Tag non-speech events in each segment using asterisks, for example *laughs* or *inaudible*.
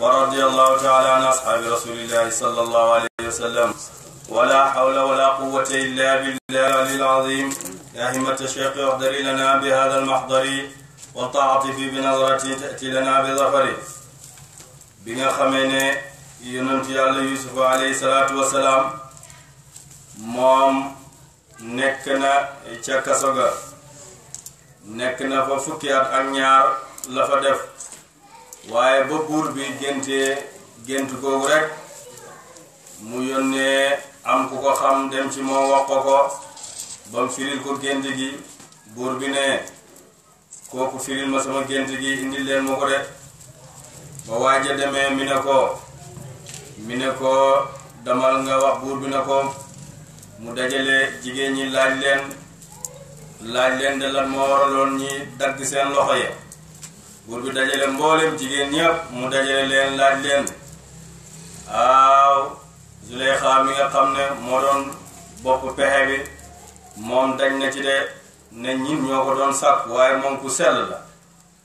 wa radiyallahu taala an ashaabi rasulillahi sallallahu alayhi wa sallam ولا حول ولا قوة إلا بالله العظيم يا همة الشيخ احضر لنا بهذا المحضر والتعاطف بنظرة تأتي لنا بظفر بنا خمينة yonent yàlla yusuf alayhi salaatu wasalaam moom nekk na ca kaso ga nekk na fa fukki at ak ñaar la fa def waaye ba buur bi géntee gént googu rek mu yónnee am ku ko xam dem ci moo wax ko ko ba mu firil ko gént gi buur bi ne kooku firil ma sama gént gi indi leen ma ko de ba waaja demee mi ne ko mi ne ko damal nga wax buur bi ne ko mu dajale jigéen ñi laaj leen laaj leen de lan moo waraloon ñi dagg seen loxo ya buur bi dajale mboolem jigéen ñëpp mu dajale leen laaj leen aaw Zuleyxa mi nga xam ne moo doon bopp pexe bi moom dañ na ci de ne ñin ñoo ko doon sàkk waaye moom ku sell la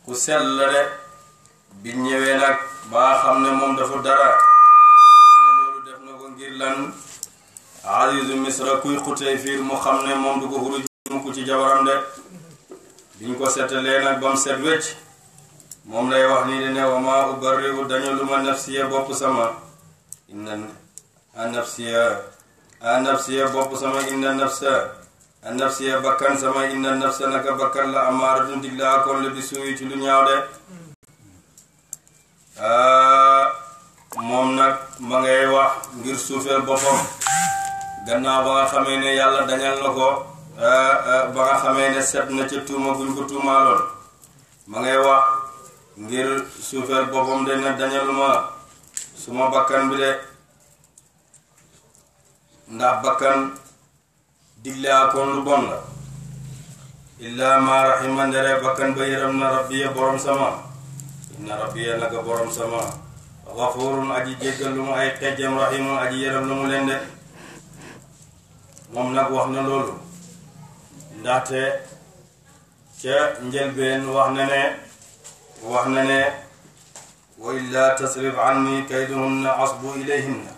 ku sell la de bi ñëwee nag ba xam ne moom dafa dara ne def na ko ngir lan azizu misra kuy xutey fiir mu xam ne moom du ko xuruj mu ko ci jabaram de biñ ko setalee nag ba set wecc moom lay wax nii di ne wa maa ubarri'u dañu lu ma nafsiya bopp sama inna a nafsiya a bopp sama inna nafsa a nafsiya bakkan sama inna nafsa naka bakkan la amaaratun dig laa kon la bi suuyi ci lu ñaaw de moom nag ma ngay wax ngir suufeel boppam gannaaw ba nga xamee ne yàlla dañal na ko ba nga xamee ne set na ca tuuma guñ ko tuumaaloon ma ngay wax ngir suufeel boppam de ne dañaluma suma bakkan bi ndax bakkan digle akoon lu bon la illaa ma rahima ndere bakkan ba yëram na rabbiya borom sama inna rabbiya naka borom sama xafurun aji jéggal lu mu ay xejjam rahimun aji yëram lu mu leen moom nag wax na loolu ndaxte ca njëlbeen wax na wax na ne wa illaa tasrif anni kaydahunna asbu ilayhinna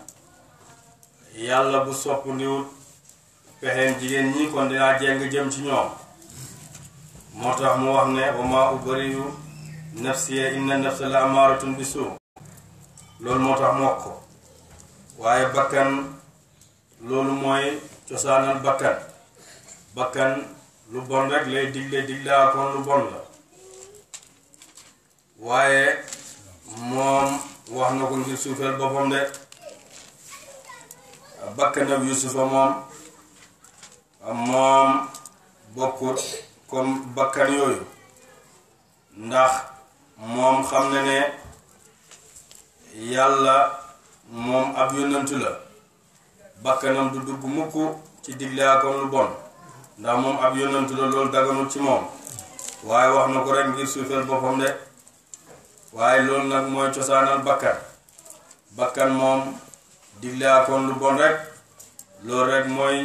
yàlla bu sopp ndiwut pexeem jigéen ñi kon dinaa jeng jëm ci ñoom moo tax mu wax ne wa maa ubari'u nafsiya inna nafsa la amaaratun bi suu loolu moo tax mu wax ko waaye bakkan loolu mooy cosaanal bakkan bakkan lu bon rek lay digle diglaa kon lu bon la waaye moom wax na ko ngir suufeel boppam de bakkanam yusufa moom moom bokkut comme bakkan yooyu ndax moom xam ne ne yàlla moom ab yónnantu la bakkanam du dugg mukk ci diglaa comme lu bon ndax moom ab yónnantu la loolu daganul ci moom waaye wax na ko rek ngir suufeel boppam de waaye loolu nag mooy cosaanal bakkan bakkan moom digle akoon lu bon rek loolu rek mooy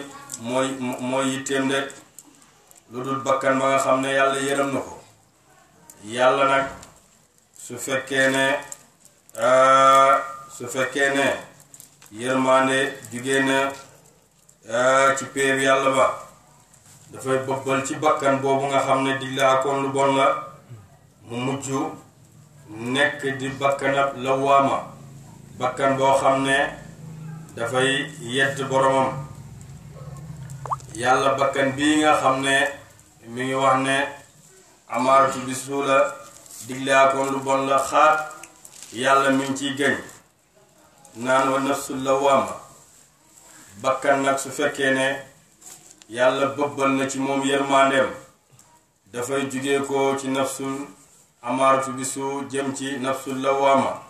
mooy mooy yitteem rek lu dul bakkan ba nga xam ne yàlla yërëm na ko yàlla nag su fekkee ne su fekkee ne yërmaande jugee na ci péeb yàlla ba dafay bëbbal ci bakkan boobu nga xam ne digle akoon lu bon la mu mujj nekk di bakkanab lawaama bakkan boo xam ne dafay yedd boromam yàlla bakkan bii nga xam ne mu ngi wax ne amaaratu bi suula diglaakoon lu bon la xaat yàlla mi ngi ciy gëñ naan wa nafsu lawaama bakkan nag su fekkee ne yàlla bëbbal na ci moom yërmandeem dafay jugee ci nafsul amaaratu bi su jëm ci nafsul lawaama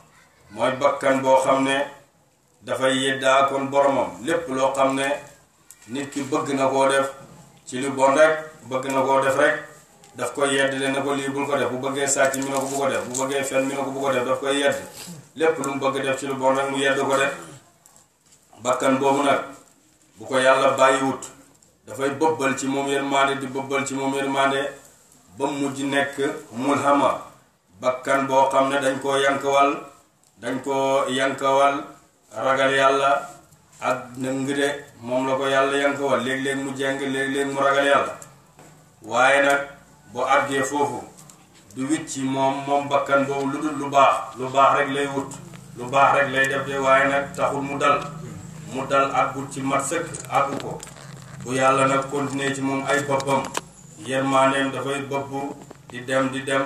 mooy bakkan boo xam ne dafay yeddaa kon boromam lépp loo xam ne nit ki bëgg na koo def ci lu bon rek bëgg na koo def rek daf koy yedd leen ne bu bëggee sàcc mi ne ko ko def bu bëggee fen bu ko def daf koy yedd lépp lu mu bëgg def ci lu bon rek mu yedd ko def bakkan boobu nag bu ko yàlla bàyyiwut dafay bëbbal ci moom yërmande di bëbbal ci moom yërmande ba mujj nekk mulhama bakkan boo xam ne dañ koo yankawal dañ koo yankawal ragal yàlla ak nëng de moom la ko yàlla yankawal léeg-léeg mu jeng léeg-léeg mu ragal yàlla waaye nag bu àggee foofu du wit ci moom moom bakkan boobu lu dul lu baax lu baax rek lay wut lu baax rek lay def de waaye nag taxul mu dal mu dal àggul ci mat sëkk àggu ko bu yàlla nag continuer ci moom ay boppam yermandeem dafay bëpp di dem di dem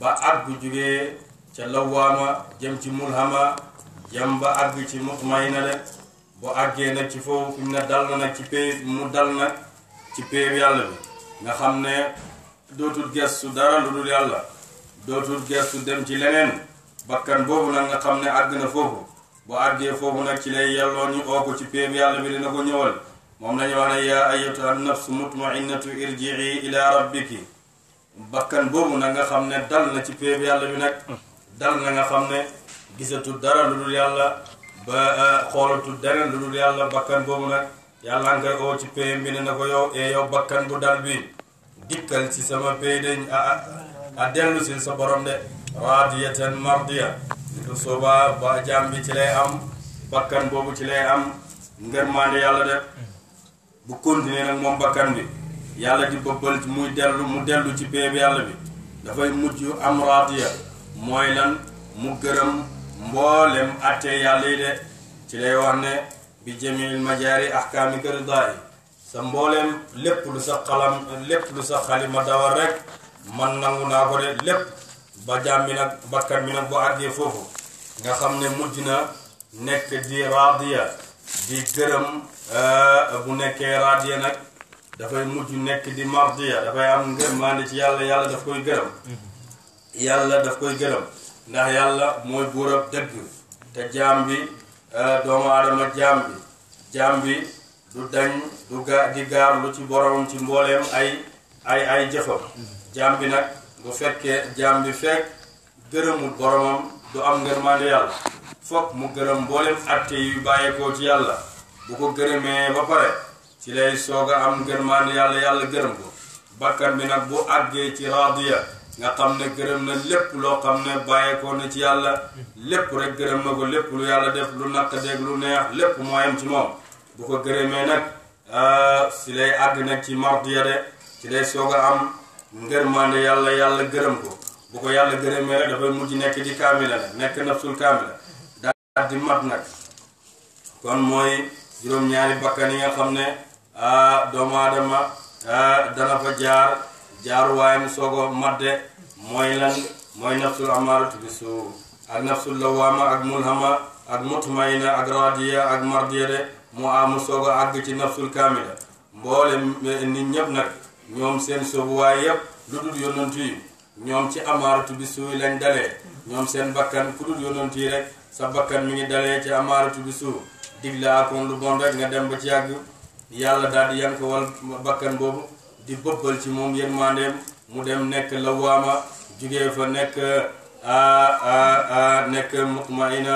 ba at bu jugee ca lawaama jëm ci mulhama jëm ba àgg ci mutmayna de bu àggee nag ci foofu mu ne dal na nag ci pay mu dal nag ci payb yàlla bi nga xam ne dootul gestu dara lu dul yàlla dootul gestu dem ci leneen bakkan boobu nag nga xam ne àgg na foofu bu àggee foofu nag ci lay yelloo ñu ooku ci payb yàlla bi dina ko ñëwal moom lañu wax ne yaa ayyatuha nafsu mutmainnatu irjii ila rabbiki bakkan boobu na nga xam ne dal na ci péeb yàlla bi nag dal na nga xam ne gisatu dara lu dul yàlla ba eh, xoolatu dara lu dul yàlla bakkan boobu nag yàlla nga koy oo ci péeb bi ne na ko yow e yow bakkan bu dal bi dikkal ci sama péy dañ a dellu si sa borom de raadiyatan mardiya sooba ba jàmm bi ci lay am bakkan boobu ci lay am ngërmaande yàlla de bu continuer nag moom bakkan bi yàlla di bëbbal muy dellu mu dellu ci péeb yàlla bi dafay mujj am raatiya mooy lan mu gërëm mboolem attee yàlla yi de ci lay wax ne bi jamil majaari ahkaami karidaa yi sa mbooleem lépp lu sa xalam lépp lu sa xalima dawal rek man nangu naa ko de lépp ba jaam bi nag bakkan bi nag bu àggee foofu nga xam ne mujj na nekk di raadiya di gërëm Euh, bu nekkee raadiya nag dafay mujj nekk di mardiya dafay am ngërmaande ci yàlla yàlla daf koy gërëm yàlla daf koy gërëm ndax yàlla mooy buurab dëgg te jaam bi euh, doomu aadama jaam bi jaam bi du dañ du ga di gaarlu ci boromam ci mbooleem ay ay ay jëfam jaam bi nag bu fekkee jaam bi fekk gërëmul boromam du am ngërmaande yàlla foog mu gërëm mbooleem atte yu bàyyeekoo ci yàlla bu ko gërëmee ba pare ci lay soog a am gërmaan yàlla yàlla gërëm ko bakkan bi nag bu àggee ci raadiya nga xam ne gërëm na lépp loo xam ne bàyyeekoo na ci yàlla lépp rek gërëm na ko lépp lu yàlla def lu naq dégg lu neex lépp moo yem ci moom bu ko gërëmee nag si ah, lay àgg nag ci mardiya de ci lay soog a am ngërmaande yàlla yàlla gërëm ko bu ko yàlla gërëmee rek dafay mujj nekk di kaamila la nekk nafsul kaamila daal di mat nag kon mooy juróom-ñaari bakkan yi nga xam ne ah, doomu aadama ah, dana fa jaar jaaruwaayam soogo madde mooy lan mooy nafsul amaaratu bi suu ak nafsul lawaama ak mulhama ak mutmayna ak radiya ak mardiya de mu amu soogo àgg ci nafsul kaamila mboole eh, nit ñëpp nag ñoom seen soobuwaay yëpp lu dul yonantu ñoom ci amaaratu bi suu lañ dalee ñoom seen bakkan ku dul yonantu rek sa bakkan mu ngi dalee ci amaaratu bi suu diglaa kon lu bon rek nga dem ba ci àgg yàlla daal di yank wal bakkan boobu di bëbbal ci moom yërmandeem mu dem nekk lawaama jugee fa nekk nekk mutmaina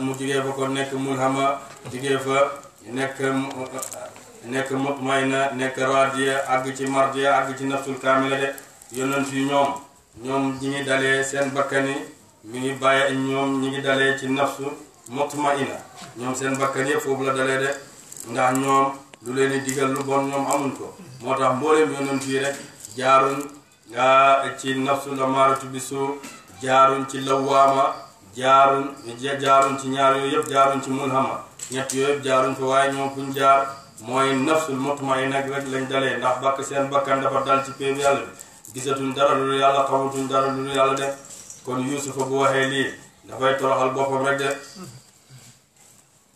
mu jugee fa kon nekk mulhama jugee fa nekk nekk nekk radiya àgg ci mardiya àgg ci nafsul kaamila de yonent yi ñoom ñoom ñi ngi dalee seen bakkan yi ngi bàyyi ñoom ñi ngi dalee ci nafsu ma ina ñoom seen bakkan yëpp foofu la dalee de ndax ñoom lu leen di digal lu bon ñoom amuñ ko moo tax mbooleem yonent yi rek jaarun nga ah, ci nafsu la maaratu bi suu jaarun ci lawaama jaarun jaarun ci ñaar yooyu yëpp jaarun ci mulhama ñett yooyu yëpp jaaruñ fa waaye ñoom fuñ jaar mooy nafsul motma ina rek lañ dalee ndax bakk seen bakkan dafa dal ci péebu yàlla bi gisatuñ dara lu yàlla xamatuñ dara lu yàlla def kon yusufa bu waxee lii dafay toroxal boppam rek de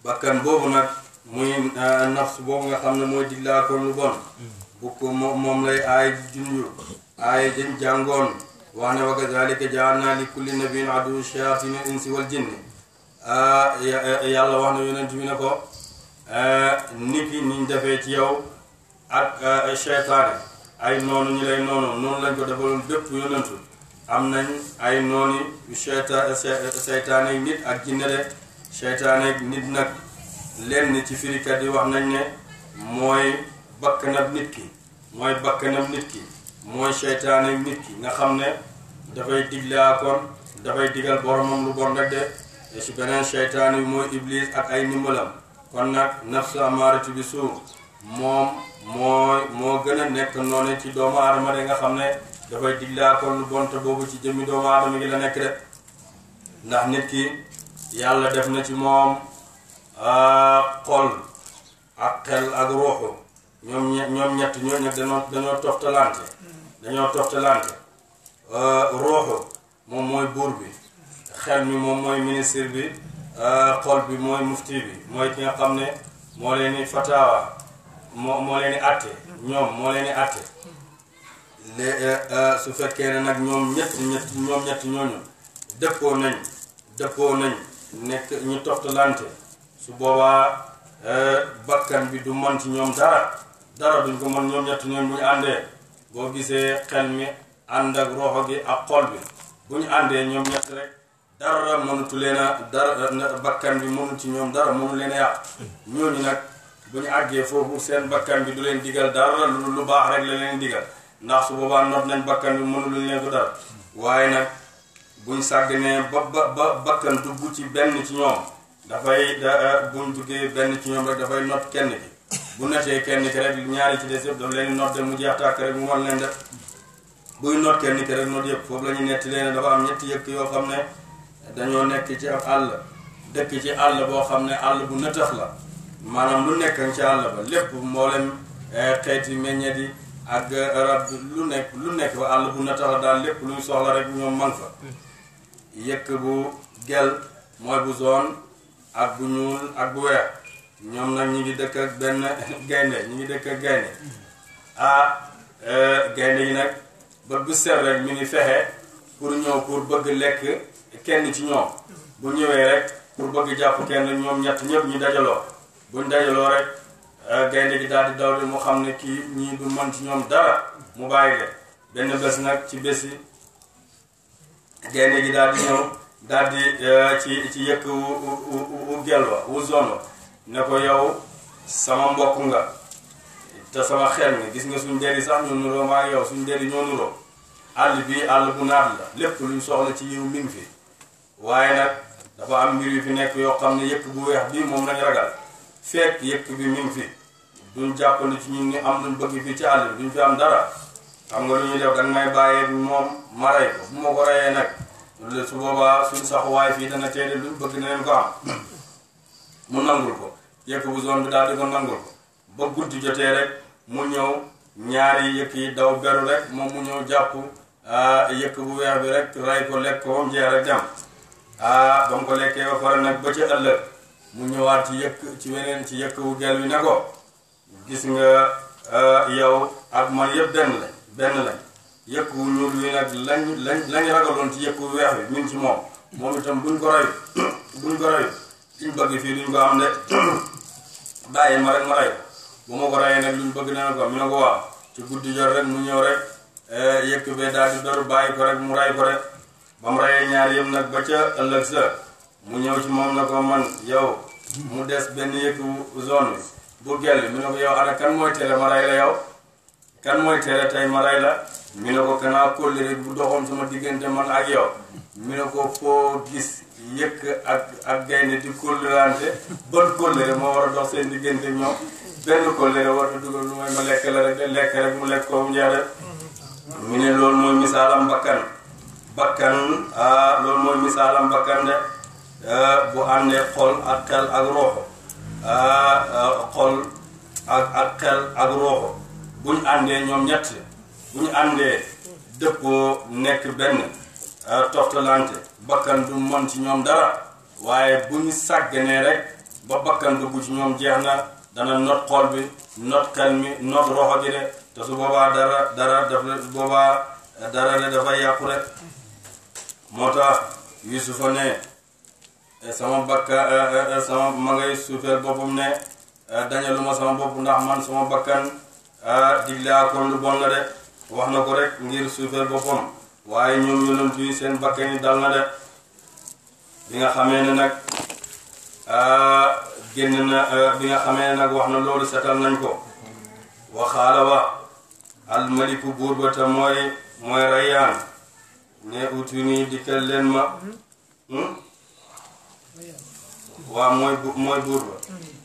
bakkan boobu nag muy euh, nafs boobu nga xam ne mooy diglaa ko lu bon bu moom lay aay junju aay jëm jàngoon wax ne wa kazalika jaalna li kulli nabiin adu shayatina insi wal jinni yàlla wax na yonent bi ne ko euh, niki niñ defee ci yow ak cheytaane euh, ay noonu ñi lay noonu noonu lañ ko defaloon bépp yonentu am nañ ay nooni cheytaane nit ak jinne de seytaane nit nag lenn ci firikat yi wax nañ ne mooy bakkanab nit ki mooy bakkanab nit ki mooy seytaane nit ki nga xam ne dafay diglaa kon dafay digal boromam lu bon rek de si beneen seytaane mooy iblis ak ay ndimbalam kon nag nafsu amaaratu bi suuf moom mooy moo gën a nekk noonu ci doomu aadama de nga xam ne dafay diglaa kon lu bon te boobu ci jëmmi doomu aadama gi la nekk de ndax nit ki yàlla def na ci moom ah, xol ak xel ak ruuxu ñoom ñoom ñett ñoo dañoo dañoo toftalante dañoo toftalante ah, ruuxu moom mooy buur bi xel mi moom mooy ministre bi ah, xol bi mooy mufti bi mooy ki xam ne moo leen di fataawa moo moo leen di ñoom moo leen di atte eh, eh, su fekkee ne nag ñoom ñett ñooñu dëppoo nañ dëppoo nañ nekk ñu toftalante su boobaa eh, bakkan bi du mën ci ñoom dara dara duñ ko mën ñoom ñett ñoom bu ñu àndee boo gisee xel mi ànd ak roxo gi ak xol bi bu ñu àndee ñoom ñett rek dara mënutu leen a dara bakkan bi mënu ci ñoom dara mënu leen a ñuul ñooñu nag bu ñu àggee foofu seen bakkan bi du leen digal dara lu baax rek la leen digal ndax su boobaa noot nañ bakkan bi mënu luñ leen ko dara waaye nag buñ sàgganee ba ba ba bakkan dugg ci benn ci ñoom dafay da buñ duggee benn ci ñoom rek dafay not kenn ki bu notee kenn ki rek ñaari ci des yëpp daf leen not mu jeex tàkk rek mu wan def buy not kenn ki rek not yëpp foofu la ñu netti leen dafa am ñetti yëkk yoo xam ne dañoo nekk ci ab àll dëkk ci àll boo xam ne àll bu nëtëx la maanaam lu nekk ci àll ba lépp mboolem eh, xeeti meññeet yi ak rab lu nekk lu nekk ba àll bu nëtëx la daal lépp luñ soxla rek ñoom man fa yëkk bu gel mooy bu zone ak bu ñuul ak bu weex ñoom nag ñu ngi dëkk ak benn *laughs* gaynde ñu ngi dëkk ak gaynde ah gaynde gi nag bët bu set rek mi ngi fexe pour ñëw pour bëgg lekk kenn ci ñoom bu ñëwee rek pour bëgg jàpp kenn ñoom ñett ñëpp ñu dajaloo buñ dajaloo rek e, gaynde gi daal di daw di mu xam ne kii ñii du mën ci ñoom dara mu bàyyi leen benn bés nag ci bési gaynde gi daal di ñëw daal euh, ci ci yëkk wu wu wu gel wa wu zone wa ne ko yow sama mbokk nga te sama xel nga gis nga suñ deri sax ñu nuroo maa yow suñ deri ñoo nuroo àll bi àll bu naat la lépp luñ soxla ci yiw mi fi waaye nag dafa am mbir yu fi nekk yoo xam ne yëkk bu weex bii moom lañ ragal fekk yëkk bi mi ngi fi duñ jàppale ci ñun ni am luñ bëgg bi ci àll bi duñ fi am dara xam nga lu def danga may bàyyee moom ma rey ko bu ma ko reyee nag su boobaa suñu saxuwaay fii dana teel lu bëgg nañu ko am mu nangul ko yëkk bu zone bi daal di ko nangul ko ba guddi jotee rek mu ñëw ñaari yëkk yi daw beru rek moom mu ñëw jàpp ah, yëkk bu weex bi rek ray ko lekk ko moom jeex rek dem ah ba mu ko lekkee ba pare nag ba ci ëllëg mu ñëwaat ci yëkk ci weneen ci yëkk bu gel bi ne ko gis nga ah, yow ak man yëpp benn la benn lañ yëpp wu ñuul wi nag lañ lañ lañ ragaloon ci yëpp weex wi min ci moom moom itam buñ ko rey *coughs* buñ ko rey liñ fii duñ ko am de *coughs* ma rek ma rey bu ma bëgg dana ko ko waaw ci guddi jot mu ñëw rek eh, yëkk bee daal di dor bàyyi ko rek mu ko rek ba ñaar yëpp nag ba ca sa mu ñëw ci moom na ko man yow mu des benn yëkk zone bi bu gel mi ne ko yow ana kan mooy tele ma rey la yow kan mooy tere tey ma rey la mi ne ko kanaa kóllëre bu doxoon sama diggante man ak yow mi ne ko foo gis yëkk ak gaynde di kóllërante bon kóllëre moo war a dox seen diggante ñoom benn kóllëre war a dugal lu mooy ma lekk la rek lekk rek mu lekk ko mu njeex mu ne loolu mooy misaalam bakkan bakkan ah, loolu mooy misaalam bakkan de ah, bu àndee xol ak xel ak roxo ah, xol ak ak xel ak roxo bu ñu àndee ñoom ñett bu ñu àndee dëppoo nekk benn euh, toftalante bakkan du mën ci ñoom dara waaye bu ñu sàgganee rek ba bakkan dugg ci ñoom jeex na dana not xol bi not xel mi not roxo bi de te su boobaa dara dara dafa boobaa dara de dafa yàqu rek moo tax Yusufa ne eh, sama bakkan eh, eh, sama ma ngay suufeel boppam ne dañaluma sama bopp ndax man sama bakkan ah diglaa kon lu bon la de wax na ko rek ngir suufeel boppam waaye ñoom yonent yi seen bakkan yi dal na de bi nga xamee ne nag ah, génn na ah, bi nga xamee ne nag wax na loolu setal nañ ko waxaala wa almaliku buur ba te mooy mooy rayyaan ne utu nii dikkal leen ma hmm? waa mooy mooy buur ba hmm.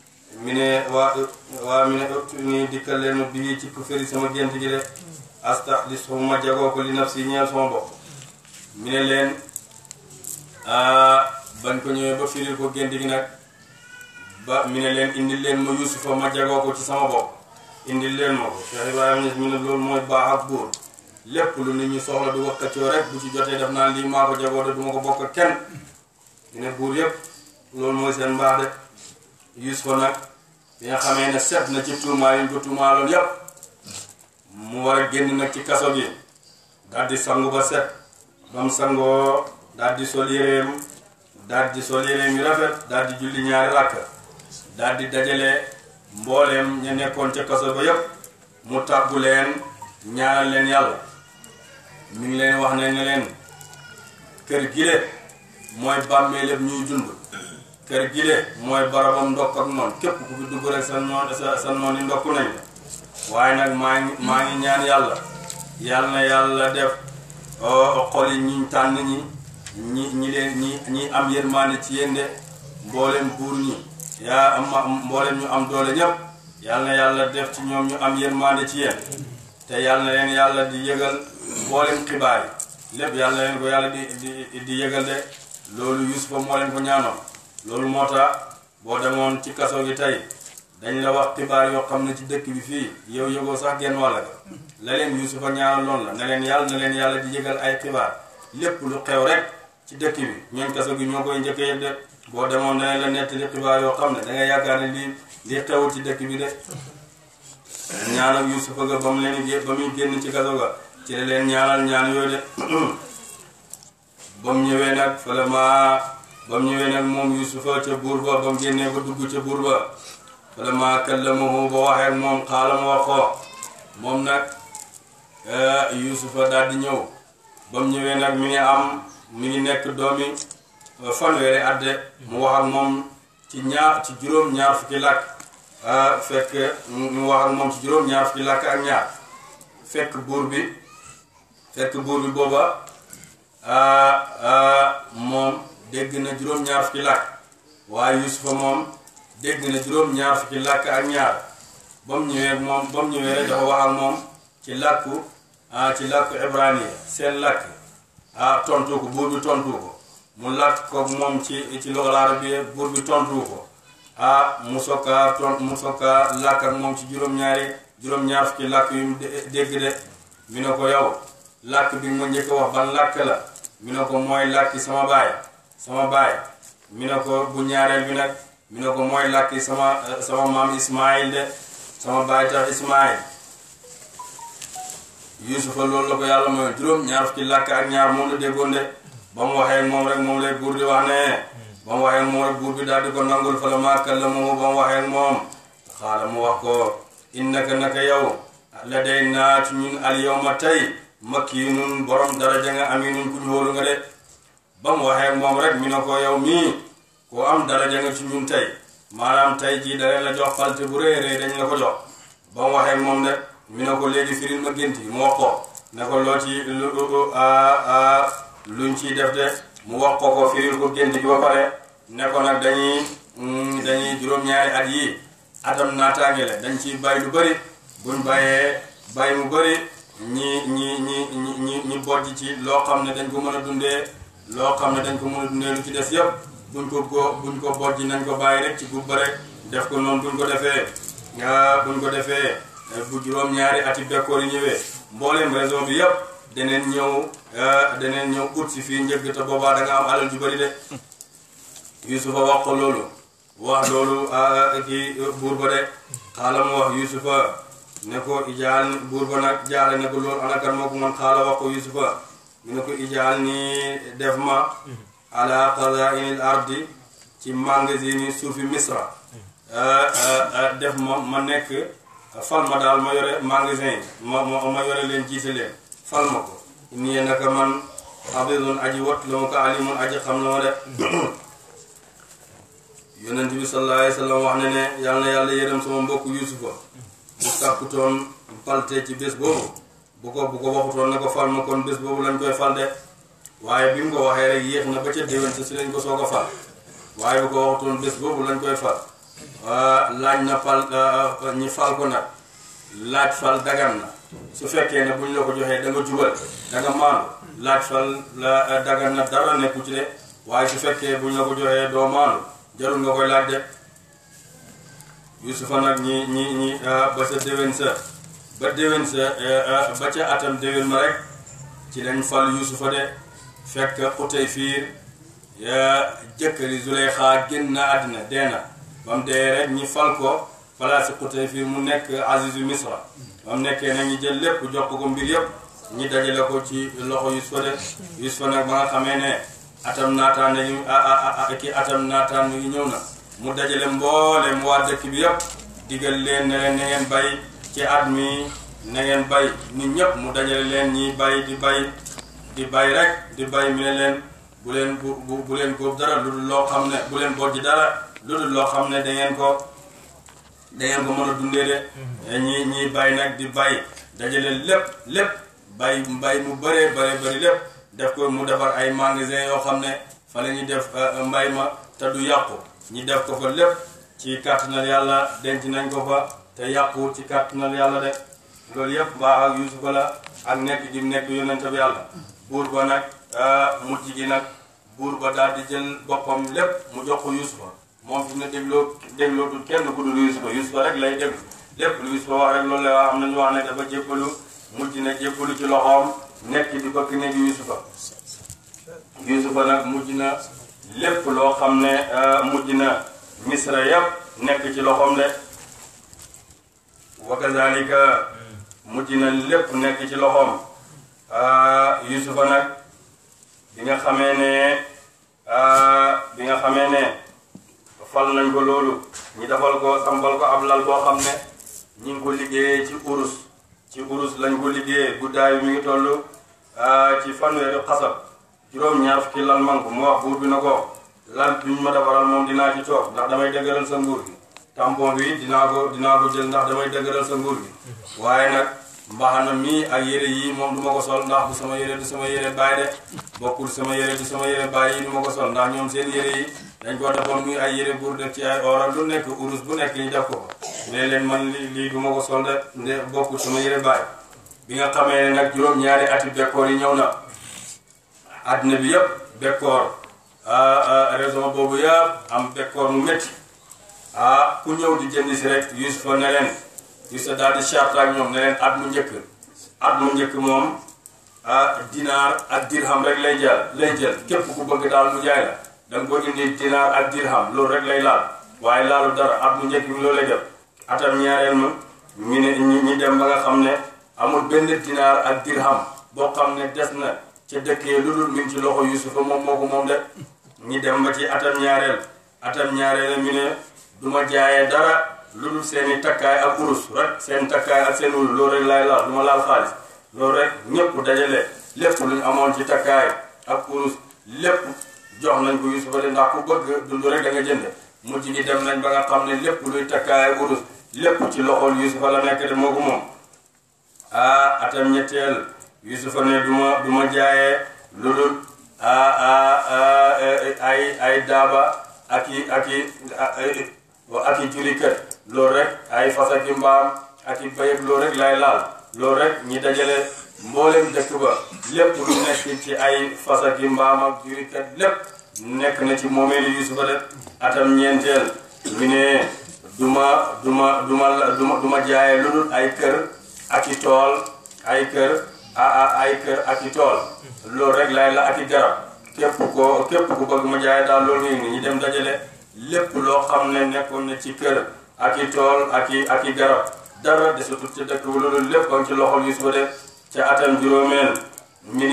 mi ne waa waa mi ne ëpp nii dikkal leen ma bii ci fëri sama gént gi de asta li suma jagoo ko li naf si ñeel sama bopp mi ne leen ban ba firil ko gént gi nag ne leen indil leen ma yusufa ma jagoo ko ci sama bopp indil leen ma ko Cheikh Ibrahima Niass loolu mooy baax ak buur lépp lu nit ñi soxla du wakkatoo rek bu ci jotee def naan lii maa ko jagoo de du ko bokk kenn mi ne buur yépp loolu mooy seen mbaax de yusufa nag bi nga xamee ne set na ci tuumaa yi ñu ko tuumaaloon yépp mu war a génn nag ci kaso bi daldi di sangu ba set ba sangoo daal sol yéreem daldi sol yéreem yu rafet daal di julli ñaari ràkk daal di dajale mbooleem ña nekkoon ca kaso ba yépp mu tàggu leen ñaanal leen yàlla mi ngi leen wax ne ne leen kër gi le mooy bàmmeeleb ñuy dund kër gile mooy barabam ndokk ak noonu képp ku fi dugg rek sa noon sa sa noon yi ndokk nañ waaye nag maa maa ngi ñaan yàlla yàlla na yàlla def oh, xol yi ñi tànn ñi ñi ñi leen ñi ñi am yërmaane ci yéen de mboolem buur ñi yaa am mboolem ñu am doole ñëpp yàlla na yàlla def ci ñoom ñu am yërmaane ci yéen te yàlla na leen yàlla di yëgal mboolem xibaar yi lépp yàlla leen ko yàlla di di di yëgal de loolu Yusufa moo leen ko ñaanoon loolu moo tax boo demoon ci kaso gi tey dañ la wax xibaar yoo xam ne ci dëkk bi fii yow yëgoo sax genn wàll ga la leen Yuusufa ñaanal loolu la ne leen yàlla na leen yàlla di yëgal ay xibaar lépp lu xew rek ci dëkk bi ñooñ kaso gi ñoo koy njëkkee de boo demoon danañ la nettali xibaar yoo xam ne dangay nga yaakaar ne lii lii xewul ci dëkk bi de ñaanal Yuusufa ga ba mu leen ba muy génn ci kaso ga ci la leen ñaanal ñaan yooyu de *coughs* ba mu ñëwee nag fala ma ba mu ñëwee nag moom yusufa ca buur ba ba mu génnee ba dugg ca buur ba fala ma kallamahu moom xaala ma wax ko moom nag e, yusufa di ñëw ba mu ñëwee nag am mi nekk doomi e, fanweeri at mu wax moom ci ñaar ci juróom ñaar fukki làkk e, fekk mu wax moom ci juróom ñaar fukki làkk ak ñaar fekk buur bi fekk buur bi booba moom dégg na juróom-ñaar fukki làkk waaye yusufa moom dégg na juróom-ñaar fukki làkk ak ñaar ba mu ñëwee moom ba mu ñëwee dafa wax ak moom ci làkku ah ci làkku ibrani seen làkk ah tontu ko buur ko moom ci ci loxol bi buur bi tontu ko ah mu sokka mu sokka làkk ak moom ci juróom-ñaari juróom-ñaar fukki làkk yu mu dégg de mi ne ko yow làkk bi mu njëkk wax ban làkk la mi ne ko mooy làkki sama baay sama baay mi ko bu ñaareel bi nag mi ne ko mooy làkki sama euh, sama maam Ismaayil de sama baay tax Ismaayil Yuusufa loolu la yàlla mooy juróom ñaar fukki làkk ak ñaar moom la déggoon de ba waxee moom rek moom lay buur di wax ne ba waxee moom rek la maakal wax ko innaka naka yow la day naat ñun al yawma tey makkiinun borom daraja nga aminun ku ñu wóolu nga de ba mu waxee moom rek mi ne ko yow mii koo am daraja nga ci ñun tey maanaam tey jii da la jox palte bu rëy rëy dañ ne ko jox ba mu waxee moom nag mi ne ko léegi firil ma gént yi mu wax ko ne ko loo ci luñ mu wax ko ko firil ko gént gi ba pare ne ko nag dañuy mm, dañuy juróom-ñaari at yii atam naataange la dañ ci bàyyi lu bari buñ bàyyee bàyyi mu bari ñi ñi ñi ñi ñi bojj ci loo xam ne dañ ko mën a dundee loo xam ne dañ ko mën a dundee ci des yëpp buñ ko ko buñ ko bojj nañ ko bàyyi rek ci guub ba rek def ko noonu buñ ko defee nga buñ ko defee eh, bu juróom-ñaari ati bekkoor yi ñëwee mbooleem raison bi yëpp daneen ñëw eh, daneen ñëw ut si fii njëg te boobaa da nga am alal ju bari de yusufa wax ko loolu wax loolu eh, kii buur ba de xaala mu wax yusufa ne ko jaal buur ba nag jaale ne ko loolu anakan moo ko man xaala wax ko yusufa mu ne ko ijaal ni def ma ala xazainil ardi ci magasini suufi misra euh, euh, euh, def ma ma nekk fal ma daal ma yore magasin yi ma ma yore leen jiite leen fal ko nii naka man xabirun aji wat la ma ko alimun aji xam la ma de yonent bi sallallahu wax na ne yàlla yàlla yërëm sama mbokk yusufa mu sàkkutoon palte ci bés boobu bu ko bu ko waxutoon na ko fal ma kon bés boobu lañ koy fal de waaye bi mu ko waxee rek yéex na ba ca déwén si si lañ ko soog a fal waaye bu ko waxutoon bés boobu lañ koy fal ah, laaj na fal ah, ñi fal ko nag laaj fal dagan na su fekkee ne buñ la ko joxee da nga jubal da nga la na dara nekku ci de waaye su fekkee buñ la ko joxee doo maandu jarul nga koy laaj de Yusufa nag ñi ñi ñi ah, ba sa déwén sa ba déwén sa eh, eh, ba ca atam déwén ma rek ci lañ fal yusufa de fekk xutay fiir ya jëkkëri Zuleyxa génn na àddina dee na ba mu dee rek ñi fal ko palaasi xutay fiir mu nekk azizu misra ba mu nekkee nag ñu jël lépp jox ko mbir yëpp ñi dajale ko ci loxo yusufa de yusufa nag ba nga xamee ne atam naataan yi ki atam naataan yi ñëw na mu dajale mboolem waa dëkk bi yëpp digal leen ne leen na ngeen bàyyi ci at mi na ngeen bay nit ñëpp mu dajale leen ñiy bàyyi di bay di bay rek di bàyyi mi ne leen bu leen bu bu leen góob dara loo xam ne bu leen bojj dara lu dul loo xam ne da ngeen ko da ngeen ko mën a dundee de mhm. eh, ñi ñiy bay nag di bay dajale lépp lépp bàyyi mbay mu bëree bëree bëri lépp def ko mu defar ay magasin yoo xam ne fa la ñuy def eh, eh, mbay ma te du yàqu ñi def ko fa lépp ci kàttanal yàlla denc nañ ko fa te yàqu ci kàttanal yàlla de loolu yëpp baax ak yusufa la ak nekk di nekk yonente yàlla buur ba nag ah, mujj gi nag buur ba daal di jël boppam lépp mu jox ko yusufa moom fi mu ne dégloo déglootul kenn ku dul yusufa yusufa rek lay déglu lépp lu yusufa wax rek loolu am na ñu wax ne dafa jébbalu mujj na jébbalu ci loxoom nekk di nekk yusufa yusufa nag mujj na lépp loo xam ne ah, mujj na misra yëpp nekk ci loxoom de wa kazalika mujj na lépp nekk ci loxoom yusufa nag bi nga xamee ne bi nga xamee ne fal nañ ko loolu ñi defal ko sambal ko ab lal boo xam ne ñi ngi ko liggéeyee ci urus ci urus lañ ko liggéeyee bu guddaay mi ngi toll ci fanweeri xasab juróom-ñaar fukki lan man ko mu wax buur bi na ko lan bi ñu ma defaral moom dinaa ci toog ndax damay dëgëral sa nguur gi tampon yi dinaa ko dinaa ko jël ndax damay dëgëral sa nguur gi waaye nag na mii ak yëre yii moom du ma ko sol ndax bu sama yére du sama yére baay de bokkul sama yére du sama yére baay yi du ma ko defoon muy ay yére buur def ci ay or urus bu nekk ñu def man lii lii du ma ko sol de nde bokkul sama bi nga xamee ne nag juróom-ñaari ati bekkoor yi ñëw na addina bi yëpp bekkoor ah, ah, raison boobu yëpp am bekkoor mu métti ah ku ñëw di jënd si rek Yusufa ne leen Yusufa daal di charta ak ñoom ne leen at mu njëkk at mu njëkk moom ah dinaar ak dirham rek lay jël lay képp ku bëgg daal mu jaay la ko indi dinaar ak loolu rek lay laal waaye laalu dara at mu njëkk bi loolu lay def atam ñaareel ma ñu ñi dem ba nga xam ne amul benn dinaar ak dirham boo xam ne des na ca dëkk yi lu dul mi ngi ci loxo Yusufa moom moo ko moom de ñi dem ba ci atam ñaareel atam ñaareel mi ne. du ma jaayee dara lu dul seen i takkaay ak urus rek seen takkaay ak seen urus loolu rek laay laal du ma laal xaalis loolu rek ñëpp dajale lépp lu ñu amoon ci takkaay ak urus lépp jox nañ ko Yusufa de ndax ku bëgg dund rek da nga jënd mujj gi dem nañ ba xam ne lépp luy takkaay urus lépp ci loxol Yusufa la nekk de moo ko moom ah atam ñetteel Yusufa ne du ma du ma jaayee lu dul ah, ah, ah, eh, eh, ay ay daaba ak yi ak yi eh, ak i juri kër loolu rek ay fas ak i mbaam ak loolu rek lay laal loolu rek ñi dajale mboolem dëkk ba lépp lu nekk ci ay fas ak i mbaam ak juri kër lépp nekk na ci moomeelu Yusufa de atam ñeenteel mi ne duma duma duma duma duma jaayee lu dul ay kër ak i tool ay kër ay kër ak i tool loolu rek lay la ak i garab képp ko képp ku bëgg ma jaayee daal loolu ngi ñu dem dajale lépp loo xam ne nekkoon na ci kër ak i tool ak i ak i garab dara desatul ci dëkk bu loolu lépp kon ci loxol Yuusufa de ca atam juróomeel ñu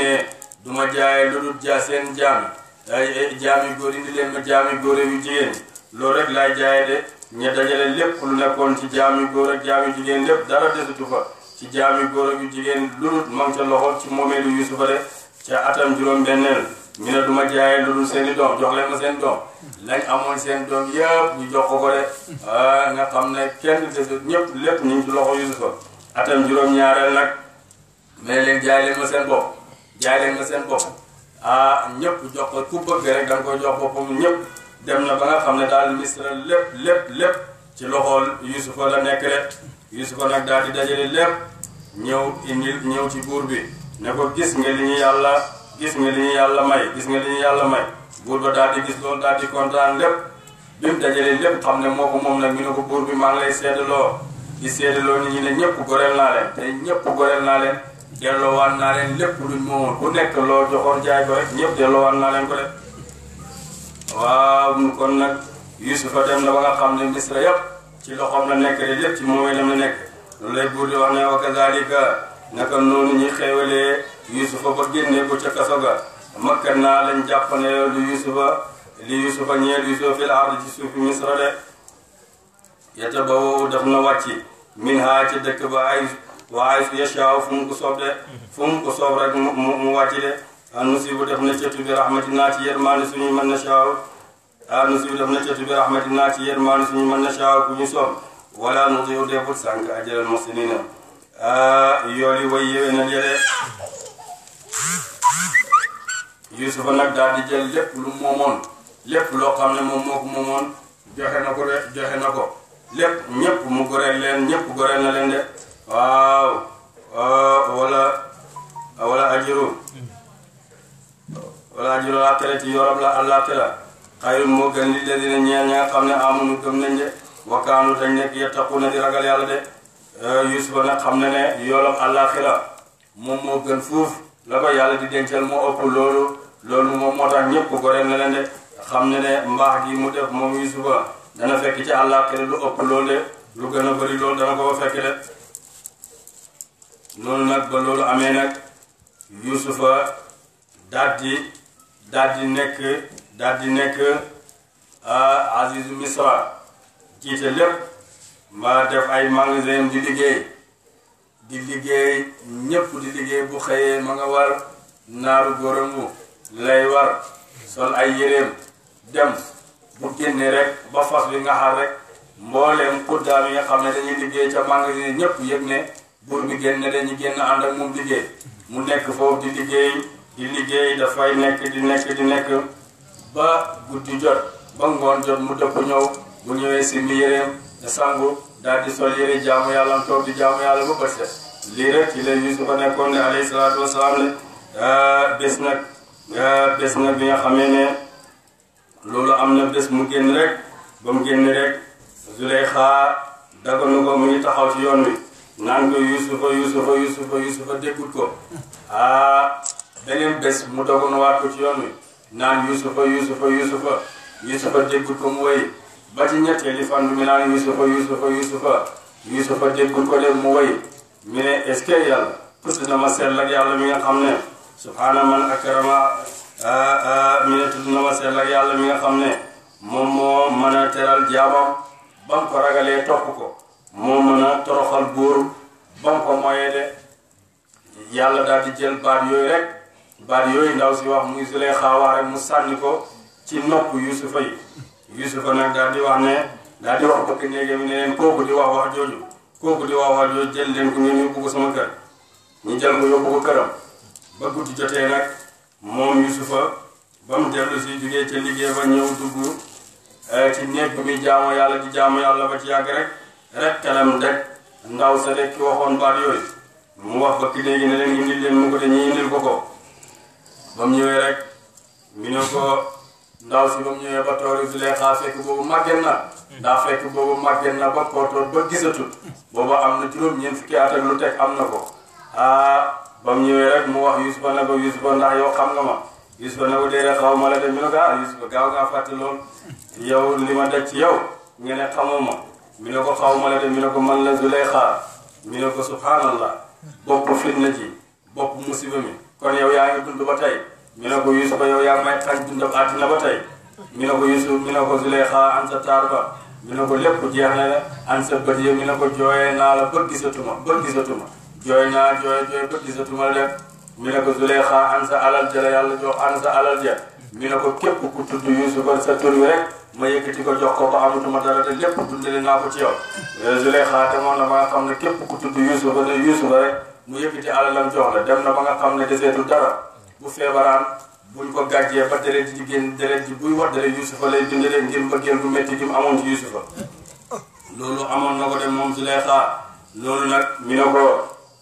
du ma jaayee lu dul jaa seen jaami ay jaami góor indi leen ma jaami góor yu jigéen loolu rek laay jaayee de ña dajale lépp lu nekkoon ci jaami góor ak jaami jigéen lépp dara desatu fa ci jaami góor yu jigéen lu dul ci moomeelu Yuusufa de ca atam juróom benneel ñu ne du ma jaayee lu dul seen i doom jox leen ma seen doom lañ amoon seen doom yëpp ñu jox ko ko de ah, nga xam ne kenn desul ñëpp lépp ñu ngi ci loxo Yusufa atam juróom-ñaareel nag mais leen jaay leen ma seen bopp jaay leen ma seen bopp ah ñëpp jox ko ku bëgg rek da nga koy jox boppam ñëpp dem na ba nga xam ne daal Misra lépp lépp lépp ci loxol Yusufa la nekk rek Yusufa nag daal di dajale lépp ñëw indil ñëw ci buur bi ne ko gis nga li ñu yàlla. gis nga li ñu yàlla may gis nga li ñu yàlla may buur ba daal di gis loolu daal di kontaan lépp bi mu dajalee lépp xam ne moo ko moom nag ñu ne ko buur bi maa ngi lay seedaloo di seedaloo nit ñi ne ñëpp goreel naa leen te ñëpp goreel naa leen delloowaat naa leen lépp luñ moomoon ku nekk loo joxoon jaay ko rek ñëpp delloowaat naa leen ko rek waaw kon nag Yusufa dem na ba nga xam ne Misra yëpp ci loxoom la nekk de lépp ci moomeelam la nekk loolu lay buur yusufa ba génnee ko ca kaso ga makkan naa la jàpp ne lu yusufa li yusufa ñeel yusufa fil ardi ci suufi misra de yete ba woowu daf na wàcci min haa ci dëkk ba ay su yashaaw fu mu ko soob de fu mu ko rek mu mu wàcci de anusibu def na cëtu bi rahmati naa ci su suñu mën na shaaw anusibu def na cëtu bi rahmati naa ci yermaani suñu mën na shaaw ku ñu soob wala nu diw defut sànq ajalal musinina yooli way yéwénal yele yusufa nag daal di jël lépp lu moomoon lépp loo xam ne moom moo ko moomoon joxe na ko de joxe na ko lépp ñépp mu goreel leen ñépp goreel na leen de waaw wala wala ajiru wala ajiru àllaaxira ci yorob la àllaaxira xayrun moo gën li de dina ñeel ña xam ne amunu gëm nañ de wakkaanu dañ nekk yattaquna yàlla de yusufa xam ne ne yorob àllaaxira moom moo gën fuuf la ko yàlla di dencal moo ëpp loolu loolu moom moo tax ñëpp ko rek na leen de xam ne ne mbaax gi mu def moom Yusufa dana fekk ci àllaaxira lu ëpp loolu de lu gën a bëri loolu dana ko fekk de loolu nag ba loolu amee nag Yusufa daal di daal di nekk daal di nekk Azizu Misra jiite lépp ma def ay magasin di liggéey di liggéey ñépp di liggéey bu xëyee ma nga war naaru góoram lay war sol ay yéreem dem bu génnee rek ba fas bi nga xar rek mbooleem kuddaam yi nga xam ne dañuy liggéey ca magasin ñépp yëg ne buur bi génne dañuy génn ànd ak moom liggéey mu nekk foofu di liggéey di liggéey dafay nekk di nekk di nekk ba guddi jot ba ngoon jot mu dëpp ñëw bu ñëwee si mi yéreem da sangu daal di sol yére jaamu yàlla am toog di jaamu yàlla ba bët set lii rek ci la Yuusufa nekkoon ne alayhi salaatu wasalaam le euh, bés nag euh, bés nag bi nga xamee ne loolu am na bés mu génn rek ba mu génn rek Zuleyxa daganu ko mu ngi taxaw ci yoon wi naan ko Yuusufa Yuusufa Yuusufa Yuusufa ko ah beneen bés mu daganu waat ko ci yoon wi naan Yuusufa Yuusufa Yuusufa Yuusufa ko mu wéy ba ci ñetteeli fan bi ñu naan yusufa yusufa yusufa yusufa déggul ko de mu woy ñu ne yàlla tudd na ma sell ak yàlla mi nga xam ne subhaana man akrama ah, ah, mi ne tudd na ma sell ak yàlla mi nga xam ne moom moo mën a teral jaamam ba mu ko ragalee topp ko moo mën a toroxal buur ba ko moyee de yàlla daal di jël baat yooyu rek baat yooyu ndaw si wax muy sulee xaawaa rek mu sànni ko ci nopp yusufa yi Yuusufa nag daal di wax ne daal wax bëkk néegam ne leen kooku di wax wax jooju kooku di wax wax jooju jël leen ko ngeen yóbbu sama kër ñu jël ko yóbbu ko këram ba guddi jotee nag moom Yuusufa ba mu dellu si jugee ca liggéey ba ñëw dugg eh, ci néeg bi muy jaamu yàlla di jaamu yàlla ba ci yàgg rek rek kalam rek ndaw sa rek ki waxoon baat yooyu mu wax bëkk néegi ne leen indil leen mu ko de ñu indil ko ko ba mu ñëwee rek mi ne ko ndaw si ba mu ñëwee ba toori Zuleyxa fekk boobu màgget na ndax fekk boobu màgget na ba kootoot ba gisatul boobu am na juróom ñeent fukki at lu teg am na ko ah ba mu ñëwee rek mu wax Yusufa ne ko Yusufa ndax yow xam nga ma Yusufa ne ko déedéet xaw ma la de mu ne ko ah Yusufa gaaw ngaa fàtte lool yow li ma daj ci yow nga ne xamoo ma mi ne ko xaw ma la de mi ne ko man la Zuleyxa mi ne ko subhanallah bopp fitna ji bopp musiba mi kon yow yaa ngi dund ñu ne ko Yusufa yow yaa may ak dundam àddina ba tey ñu ne ko Yusuf ñu ne ko Zuleyxa an sa taar ba ñu ne ko lépp jeex na la an sa bët yëpp ñu ne ko jooyee naa la ba gisatuma ba gisatuma jooy naa jooy jooy ba gisatuma la ñu ne ko Zuleyxa an sa alal ja la yàlla jox an sa alal ja ñu ne ko képp ku tudd Yusufa sa tur wi rek ma yëkkati ko jox ko ba amatuma dara te lépp dundale naa ko ci yow eh, Zuleyxa demoon na ba nga xam ne képp ku tudd Yusufa ne Yusufa rek mu yëkkati alalam jox la dem bu feebaraan buñ ko gàjjee ba deret ji génn deret ji buy war deret Yuusufa lay dundalee ngir mbëggeel bu métti gi mu amoon ci Yuusufa loolu amoon na ko dem moom Zuleyxa loolu nag ñu ko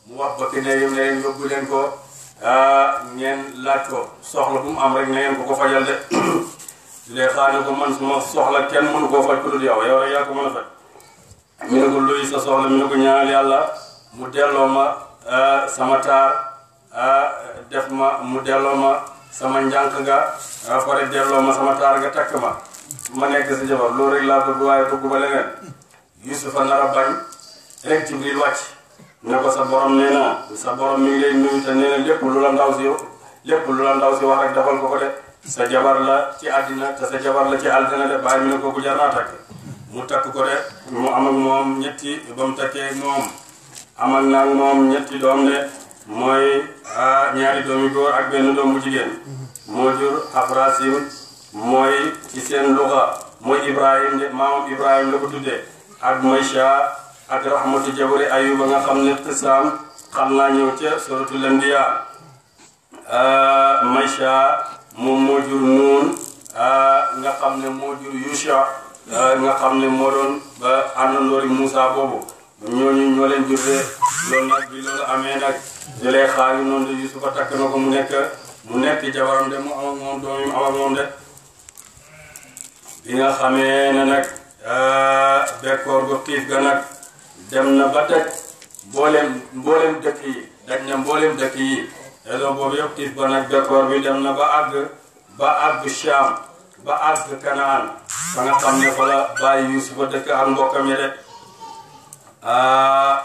mu wax ba ki ne yem ne yóbbu ko ah, ngeen laaj ko soxla bu mu am rek ne ko ko fajal de *coughs* Zuleyxa ne ko man suma soxla kenn mënu koo faj ku dul yow yow rek yaa ko a faj mi ko luy sa soxla mi ko ñaanal yàlla mu delloo ma ah, sama taar ah, def ma mu delloo ma sama njànk ga nga pare delloo ma sama taar ga takk ma ma nekk sa jabar loolu rek laa bëgg waaye bëgg ba leneen Yusufa nar a bañ rek Jibril wàcc sa borom sa borom mi ngi lu la ndaw si lépp lu la ndaw si wax rek defal ko ko de jabar la ci àddina te sa jabar la ci àldina de bàyyi mi ne kooku jar takk mu takk ko de mu am ak moom ñetti ba mu takkee moom am ñetti doom de mooy ñaari doomi góor ak benn doom bu jigéen moo jur Afrasim mooy ci seen luga mooy Ibrahim de maamam Ibrahim la ko tuddee ak Maysha ak rahmatu jabari Ayuba nga xam ne qisaam xam naa ñëw ca suratul Anbiya Maysha moom moo jur Nuun nga xam ne moo jur Yusha nga xam ne moo doon ba àndandoori musa boobu ñooñu ñoo leen juree loolu nag bi loolu amee nag jëlee xaar yi noonu de Yusufa takk na ko mu nekk mu nekk jabaram de mu am ak moom doom yi mu am moom de bi nga xamee ne nag ah, bekkoor ba xiif ga nag dem na ba daj mboolem mboolem dëkk yi daj na mboolem dëkk yi réseau boobu yëpp xiif ba nag bekkoor bi dem na ba àgg ba àgg Sham ba àgg Kanaan ba nga xam ne fa la bàyyi Yusufa dëkk ak mbokkam yi de Ah,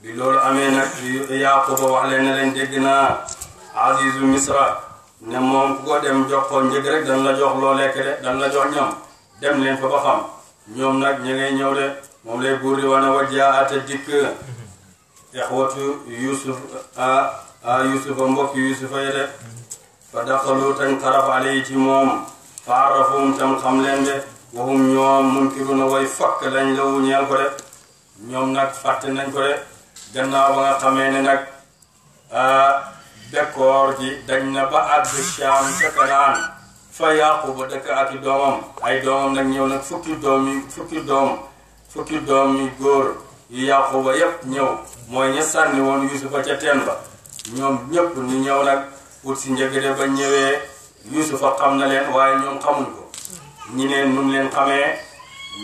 bi loolu amee nag Yaaquba wax leen ne leen dégg naa Azizu Misra ne moom ku ko dem jox ko rek dan la jox loo lekk de dan la jox ñoom dem leen fa ba xam ñoom nag ñu ngay ñëw de moom lay buur di wane wa jaata dikk exwatu Yusuf a ah, ah, Yusufa mbokki Yusufa yi de fa daxalu tañ xaraf ale yi ci moom faarafum xam leen de waxum ñoom munkiruna way fakk lañ lawu ñeel de ñoom nag fàtte nañ ko de gannaaw ba nga xamee ne nag bekkoor ji dañ na ba àgg Caam ca Kanaan fa Yaquba dëkk ak i doomam ay doomam nag ñëw nag fukki doom yi fukki doom mi doom yi góor yu Yaquba yépp ñëw mooy ña sànni woon Yusufa ca teen ba ñoom ñépp ñu ñëw nag ut si njëg de ba ñëwee Yusufa xam na leen waaye ñoom xamuñ ko ñi neen nun leen xamee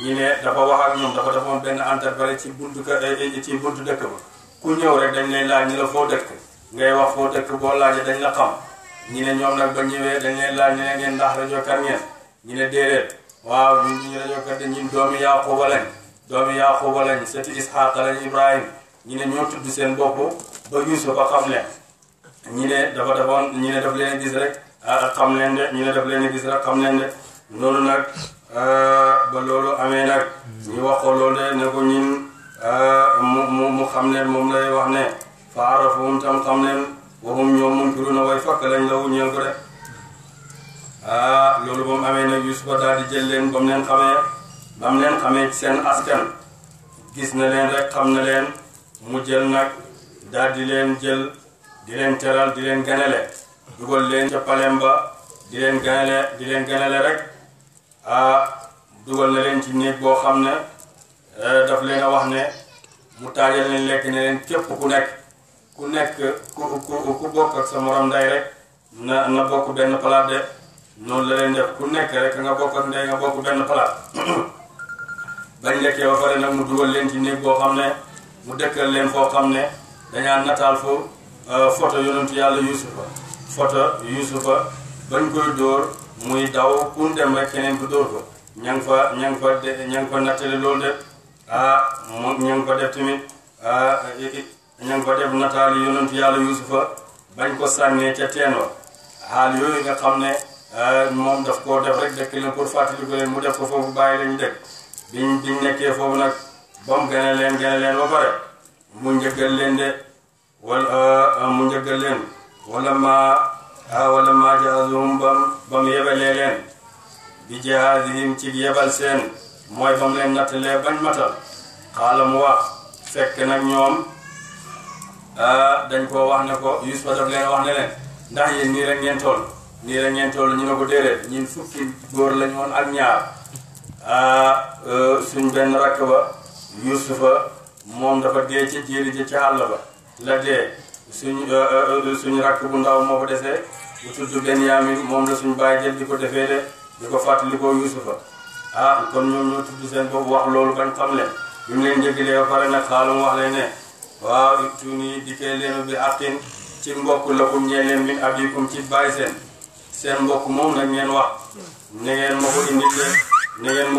ñi ne dafa wax ak ñoom dafa defoon benn entreprise ci buntu kër eh, eh, ci buntu dëkk ba ku ñëw rek dañ lay laaj ñu la foo dëkk ngay wax foo dëkk boo laajee dañ la xam ñi ne ñoom nag ba ñëwee dañ ñu ne ngeen ndax rajo kar ngeen ñi ne déedéet waaw ñun ñu rajo kar de ñun doomi Yaaquba lañ doomi Yaaquba lañ seen bopp ba Yuusuf ba xam leen ñi ne dafa defoon ñi ne daf leen gis rek ah, xam leen de ñi ne daf leen gis rek xam leen de noonu nag Euh, ba loolu amee nag ñu wax ko loolu de ne ko ñun euh, mu mu xam ne moom lay wax ne faara foofu tam xam ne waxum ñoom mun turu na way fakk lañ la wuñeel ko de euh, loolu ba mu amee nag Yusufa daal di jël leen ba mu leen xamee ba mu seen askan gis na leen xam na leen mu jël nag daal di leen jël di leen teral di leen ganale dugal leen ca palem ba di leen ganale di leen ganale rek dugal na leen ci néeg boo xam ne e, daf leen a wax ne mu taajal leen lekk ne leen képp ku nekk ku nekk ku ku ku bokk ak sa morom rek na na bokk benn palaat de noonu la leen def ku nekk rek nga bokk ak ndey nga bokk benn palaat *coughs* bañ lekkee ba pare nag mu dugal leen ci néeg boo xam ne mu dëkkal leen foo xam ne dañaa nataal fo e, photo yonentu yàlla yusufa photo yusufa bañ koy dóor muy daw kun dem rek keneen bu dóor ko ña ngi fa ña ngi fa ña ngi fa nattale loolu de ah moom ña ngi fa def tamit ah ña ngi fa def nataali yonent yàlla yusufa bañ ko sànnee ca teen wa xaal yooyu nga xam ne ah, moom daf koo def rek dëkk leen pour fàttali ko leen mu def ko foofu bàyyi lañu dëkk biñ biñ nekkee foofu nag ba mu gane leen gane leen ba pare mu njëggal leen de wal ah, mu njëggal leen wala ma wala ma jaazahum bam ba mu yebalee leen bi jaazihim ci yebal seen mooy ba mu leen nattalee bañ matal xaala mu wax fekk nag ñoom dañ ko wax ne ko Yuusufa daf leen wax ne leen ndax yi nii rek ngeen toll nii rek ngeen toll ñu ne ko déedéet ñun fukki góor lañ woon ak ñaar e, suñ benn rakk ba Yuusufa moom dafa dee ci jéeri ji ci àll ba la dee suñ e, e, suñ rakk bu ndaw moo ko desee bu tudd Benyamin moom la suñu bàyyi jël di ko defee de di ko fàttalikoo Yuusufa ah kon ñoom ñoo tudd seen bopp wax loolu kan xam leen bi mu leen jéggalee wax leen ne waaw tuuni dikkee leen bi ci mbokk la kum ñee ci bàyyi seen seen mbokk moom nag ngeen wax ne ngeen ma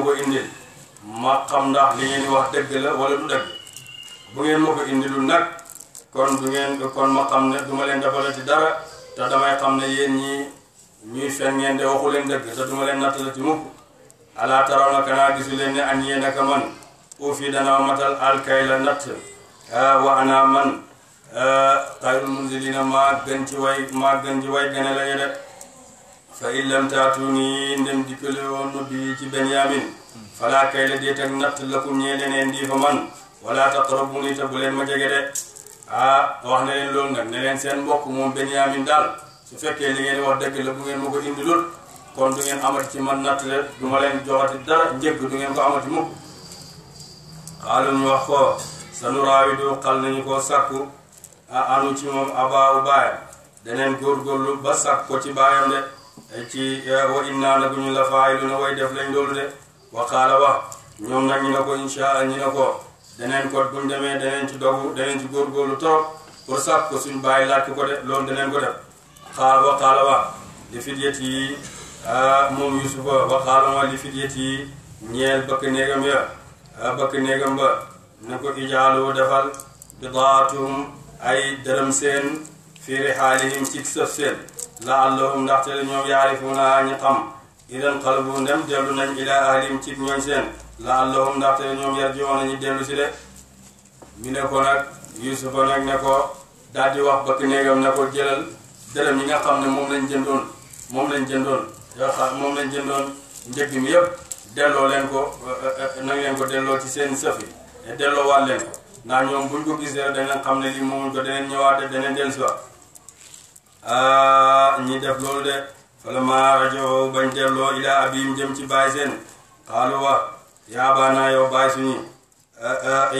ko indil ma xam ndax li wax dëgg la wala du dëgg ngeen ma ko indilul kon du ngeen kon ma xam ne du dara te damay xam ne yéen ñi ñuy fen ngeen de waxu leen dëgg te leen nattala ci mukk alaa taraw na kanaa gisu leen ne an yéen aka man uuf yi danaa matal alkay la natt wa ana man xayrul munzilina maa maa gën ci way gane la ñu de fa in lam taatuni ndem dikkale woon ma bi ci benyamin falaa kay la déet ak natt lakum ñee leneen di fa man wala taqrabuni te bu leen ma jege de ah wax na leen loolu nga ne seen mbokk moom Benyamin daal su fekkee li ngeen wax dëgg la bu ngeen ma ko indi lul kon du ngeen amati ci man natt la du ma leen joxati dara njëgg du ngeen ko amati mukk xaalum ñu wax ko sanu raawidu xal nañu ko sàkku a anu ci moom abaawu baayam deneen góorgóorlu ba sàkk ko ci baayam de ci e, wa innaa la bu ñu la faayilu na way def lañ loolu de waxaala wax ñoom nag ñu ne ko insha allah ne ko daneen ko buñ demee daneen ci dogu daneen ci góorgóorlu trop pour sàpp ko suñ bàyyi laaj ko de loolu daneen ko def xaal wa xaala wa li fidyat yi ah, moom yusufa wa xaala wa li fidyat yi ñeel bëkk néegam ya ah, bëkk néegam ba na ko ijaalu defal bidaatum ay dërëm seen fi rihaalihim ci sëf la laallahum ndaxte ñoom yaarifuuna ñi xam idan xalabu ndem dellu nañ ila ahlihim ci ñooñ seen laallahum ndaxte ñoom yar jiwoon nañu dellu si de ñu ne ko nag yusufa nag ne ko daal di wax bëkk néegam ne ko jëlal dërëm yi nga xam ne moom lañ jëndoon moom lañ jëndoon yoo xam moom lañ jëndoon njëg mi yëpp delloo leen ko euh, euh, euh, nag leen ko delloo ci seen sëf yi delloo waat leen ko ndax ñoom buñ ko gisee danañ xam ne lii moomuñ ko danañ ñëwaate danañ dellu si waat ah, ñi def loolu de falammaa raja'uu bañ delloo ilaa abiihim jëm ci baay seen xaalu wa yaabaanaa yow baay suñu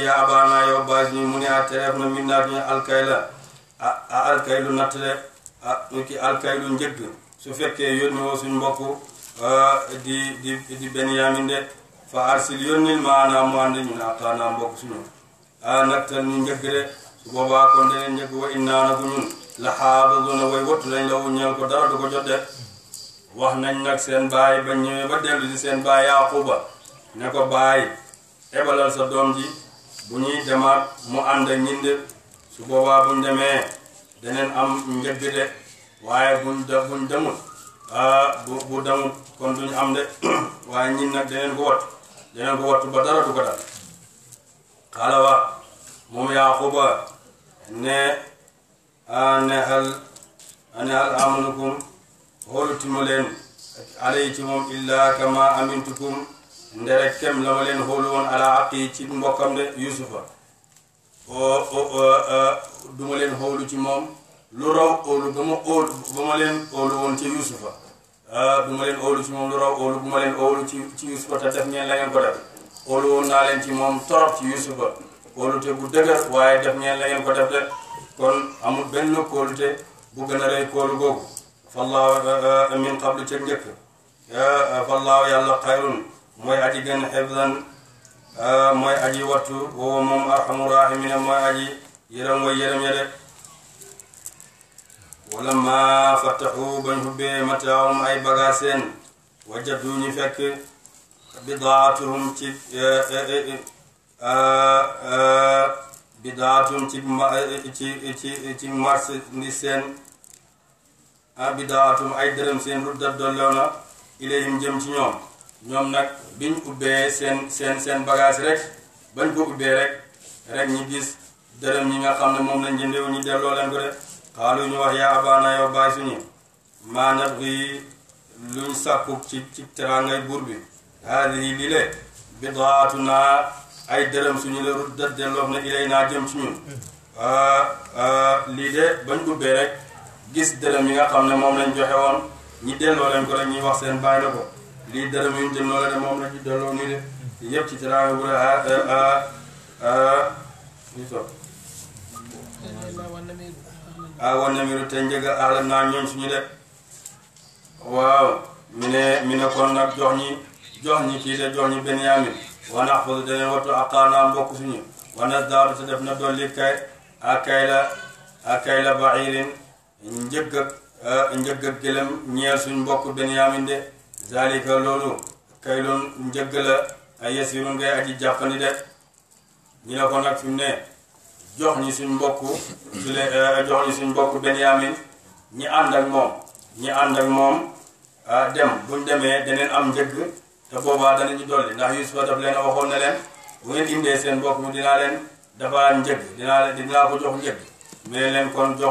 yaabaanaa yow baay suñu mu ne a tereef na min naa fi alkayla a alkaylu nattale a ki alkaylu njëgg su fekkee yónni woo suñ mbokk di di di benyamin de fa arsil yónnil maanaa mu ànd ñu naaqaanaa mbokk suñu a nattal ñu njëgg de su boobaa kon deneen njëgg wa innaana ku ñun la xaabaduna way wattu lañ la wuññeel ko dara du jot de wax nañ nag seen baay ba ñëwee ba dellu di seen baay yaaquba ne ko baay ebalal sa doom ji bu ñuy demaat mu ànd ak ñind su boobaa buñ demee daneen am njëbbi de waaye buñ da buñ ah, bu bu demut kon duñ am de *clears throat* waaye ñin nag daneen ko wat daneen ko wattu ba dara du ko dal xaala wa moom Yaaquba ne ah, ne hal ne hal amanukum xoolu timu alay ci moom illa kama amintukum nderek kem la ma leen xoolu woon ala aqi ci mbokkam de yusufa du ma leen xoolu ci moom lu raw óolu ba ma óolu ba ma leen óolu woon ci yusufa du ma leen óolu ci moom ma leen óolu ci ci yusufa te def ngeen la ko def óolu naa leen ci moom torop ci yusufa kóolute bu dëgër waaye def ngeen la ngeen ko def de kon amul benn kóolute bu gën a rëy kóolu googu fallaahu min qablu ca njëkk yàlla xayrun mooy aji gën xifdan ah, mooy aji wattu woowa moom arhamu rahimina mooy aji yërëm way yërëm ya de wala fattaxu bañ xubbee mataawum ay bagaas seen wajatu ñu fekk bidaatuhum ci ah, ah, bidaatum ci ci ci ci marchandise seen bidaatum ay dërëm seen ruddat dollew na ilayhim jëm ci ñoom ñoom nag bi ñu ubbee seen seen seen bagage rek bañ ko ubbee rek rek ñi gis dërëm ñi nga xam ne moom lañ jëndee ñu delloo leen ko de xaalu ñu wax yaa abaana yow baay suñu maanaam bi luñ ci ci teraangay buur bi haadihi li le bidaatu naa ay dërëm suñu la ruddat delloo na naa jëm ci ñun mm-hmm. ah, ah, lii de bañ ubbee rek gis nga xam ne moom lañ joxe woon ñi delloo leen ko rek ñuy wax seen baay na ko lii dara muy jël loola la ñu nii de yëpp ci teraanga bu la ah, ah, ah, ñu sopp a wan namiru te naa ñoom suñu de waaw mi ne mi ne kon nag jox ñi jox ñi kii de jox ñi benyamin wanax foofu daneen wattu aqaanaa mbokk suñu kay ak kay la ak kay la baxirin njëgg ak njëgg ak gëlëm ñeel suñ mbokk benyamin de zalika loolu kay loon njëgg la ay yes yi mun ngay aji jàppandi de ñu ne ko nag fi mu ne jox ñi suñ mbokk su le euh, jox suñ mbokk Benyamin ñi ànd ak ànd ak moom ah, dem buñ demee daneen am njëgg te boobaa danañu dolli ndax Yusufa daf seen mbokk mu dinaa leen dafa dinaa leen dinaa ko jox njëgg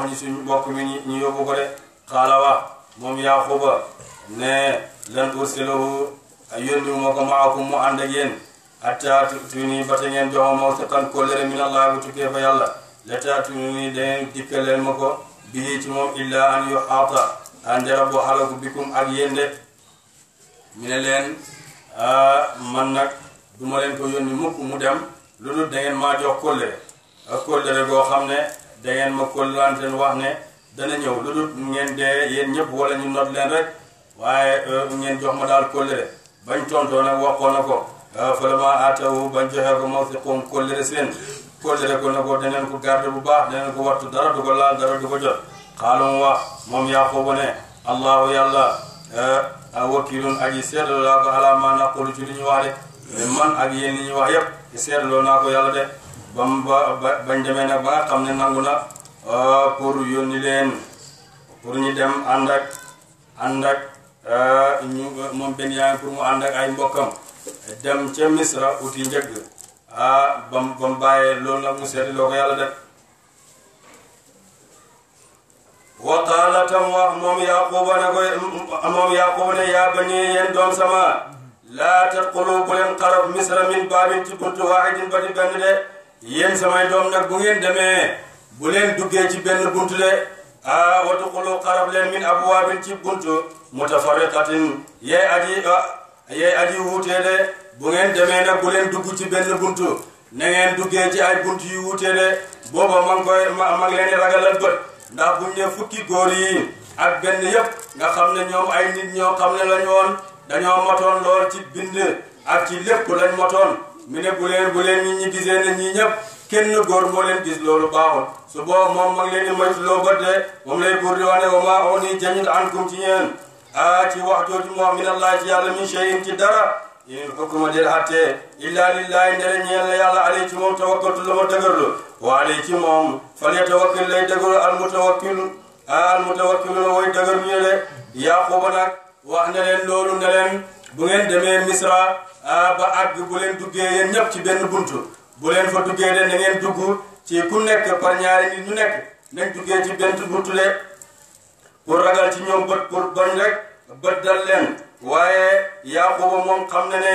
ñi suñ mbokk mi ñu yóbbu ko de xaala moom yaa xuba ne lan ursilahu yónni moo ko maakum mu ànd ak yéen hatta tu'tuuni ba te ngeen joxo ma wasiqan kóllëre min allah bu tukkee fa yàlla la taatuuni dangeen dikkal leen ma ko bii ci moom illa an yuhaata an dara bu xalaku bikum ak yéen de mi ne leen man nag du ma leen ko yónni mukk mu dem lu dul dangeen maa jox kóllëre ak kóllëre goo xam ne dangeen ma kóllante wax ne dana ñëw lu dul ngeen dee yéen ñëpp wala ñu not leen rek waaye euh, ngeen jox ma daal kóllëre bañ tontoo nag waxoon na ko vraiment ah, atawu bañ joxe ko moo si xoom kóllëre si leen kóllëre ko na ko daneen ko garde bu baax daneen ko wattu dara du ko laal dara du ko jot xaalum wax moom Yaquuba ne allahu yàlla euh, wakiilun aji seetloo laa ko alaa maa naqulu ci li ñu wax de man ak yéen li ñu wax yépp seetloo naa ko yàlla de bam ba bañ demee nag ba nga xam ne nangu na euh, pour yónni leen pour ñu dem ànd ak Euh, ñu moom benn yaa pour mu ànd ak ay mbokkam dem ca Misra uti njëgg ah ba mu ba mu mu seeti loo ko yàlla def wa qaala tam wax moom yaquba ne koy moom yaquba ne yaa bani yéen doom sama laa tadxulu bu leen xarab misra min baabin ci buntu waahidin ba di benn de yéen samay doom nag bu ngeen demee bu leen duggee ci benn buntu de ah wa duxulu xarab leen min abwaabin ci buntu mutafarriqatin yey aji ah, yey aji wuutee de bu ngeen demee nag bu leen dugg ci benn buntu na ngeen duggee ci ay buntu yu wuutee de booba ma ngi koy ma ngi leen di ragalal bët ndax bu ñu ne fukki góor yi ak benn yëpp nga xam ne ñoom ay nit ñoo xam ne lañu woon dañoo motoon lool ci bind ak ci lépp lañ motoon mu ne bu leen bu leen ñi ñi gisee ne ñii ñëpp kenn góor moo leen gis loolu baaxul su boobu moom ma ngi leen di moytu loo bët de moom lay buur di wax ne wa maa uni jañit ankum ci yéen a ci wax jooju moo min allah ci yàlla min shay'in ci dara in hukuma del attee illa lillahi ndere ñeel la yàlla alay ci moom tawakkaltu la ma dëgërlu wa alay ci moom fal yatawakkil lay dëgërlu al mutawakkil al mutawakkil la way dëgërlu ñu de yaaquba nag wax ne leen loolu ne leen bu ngeen demee misra ba àgg bu leen ñëpp ci benn buntu bu leen fa duggee de na ngeen dugg ci ku nekk par ñaari nit ñu nekk nañ duggee ci benn buttule pour ragal ci ñoom bët pour bañ rek bët dal leen waaye Yaaquba moom xam na ne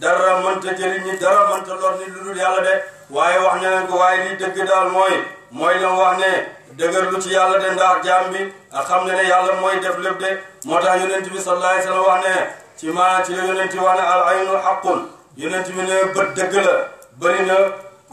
dara mënta jëriñ ñi dara mënta lor ni lu dul yàlla de waaye wax na ko waaye li dëgg daal mooy mooy la wax ne dëgër lu ci yàlla de ndax jaam bi a xam ne ne yàlla mooy def lépp de moo tax yonent bi sallallahu alayhi wa sallam wax ne ci maanaam ci la yonent wax ne al aynu xaqun yonent ne bët bëri na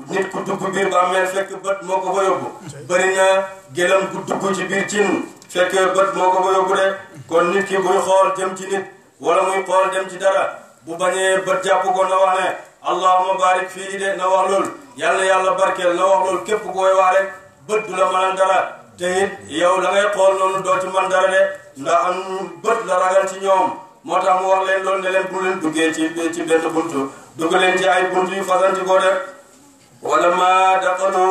nit ku dugg biir bàmmeel fekk bët moo ko fa yóbbu bëri na gëlëm ku dugg ci biir cin fekk bët moo ko fa yóbbu de kon nit ki buy xool jëm ci nit wala muy xool dem ci dara bu bañee bët jàpp ko na wax ne allahuma barik fii de na wax lool yàlla yàlla barkeel na wax lool képp kooy wax rek bët du la mënal dara te it yow la ngay xool noonu doo ci man dara de ndax am bët la ragal ci ñoom moo tax mu wax leen loolu ne leen bu leen duggee ci benn dugg leen ci ay bunt yu fasanti ko de wala ma daqanu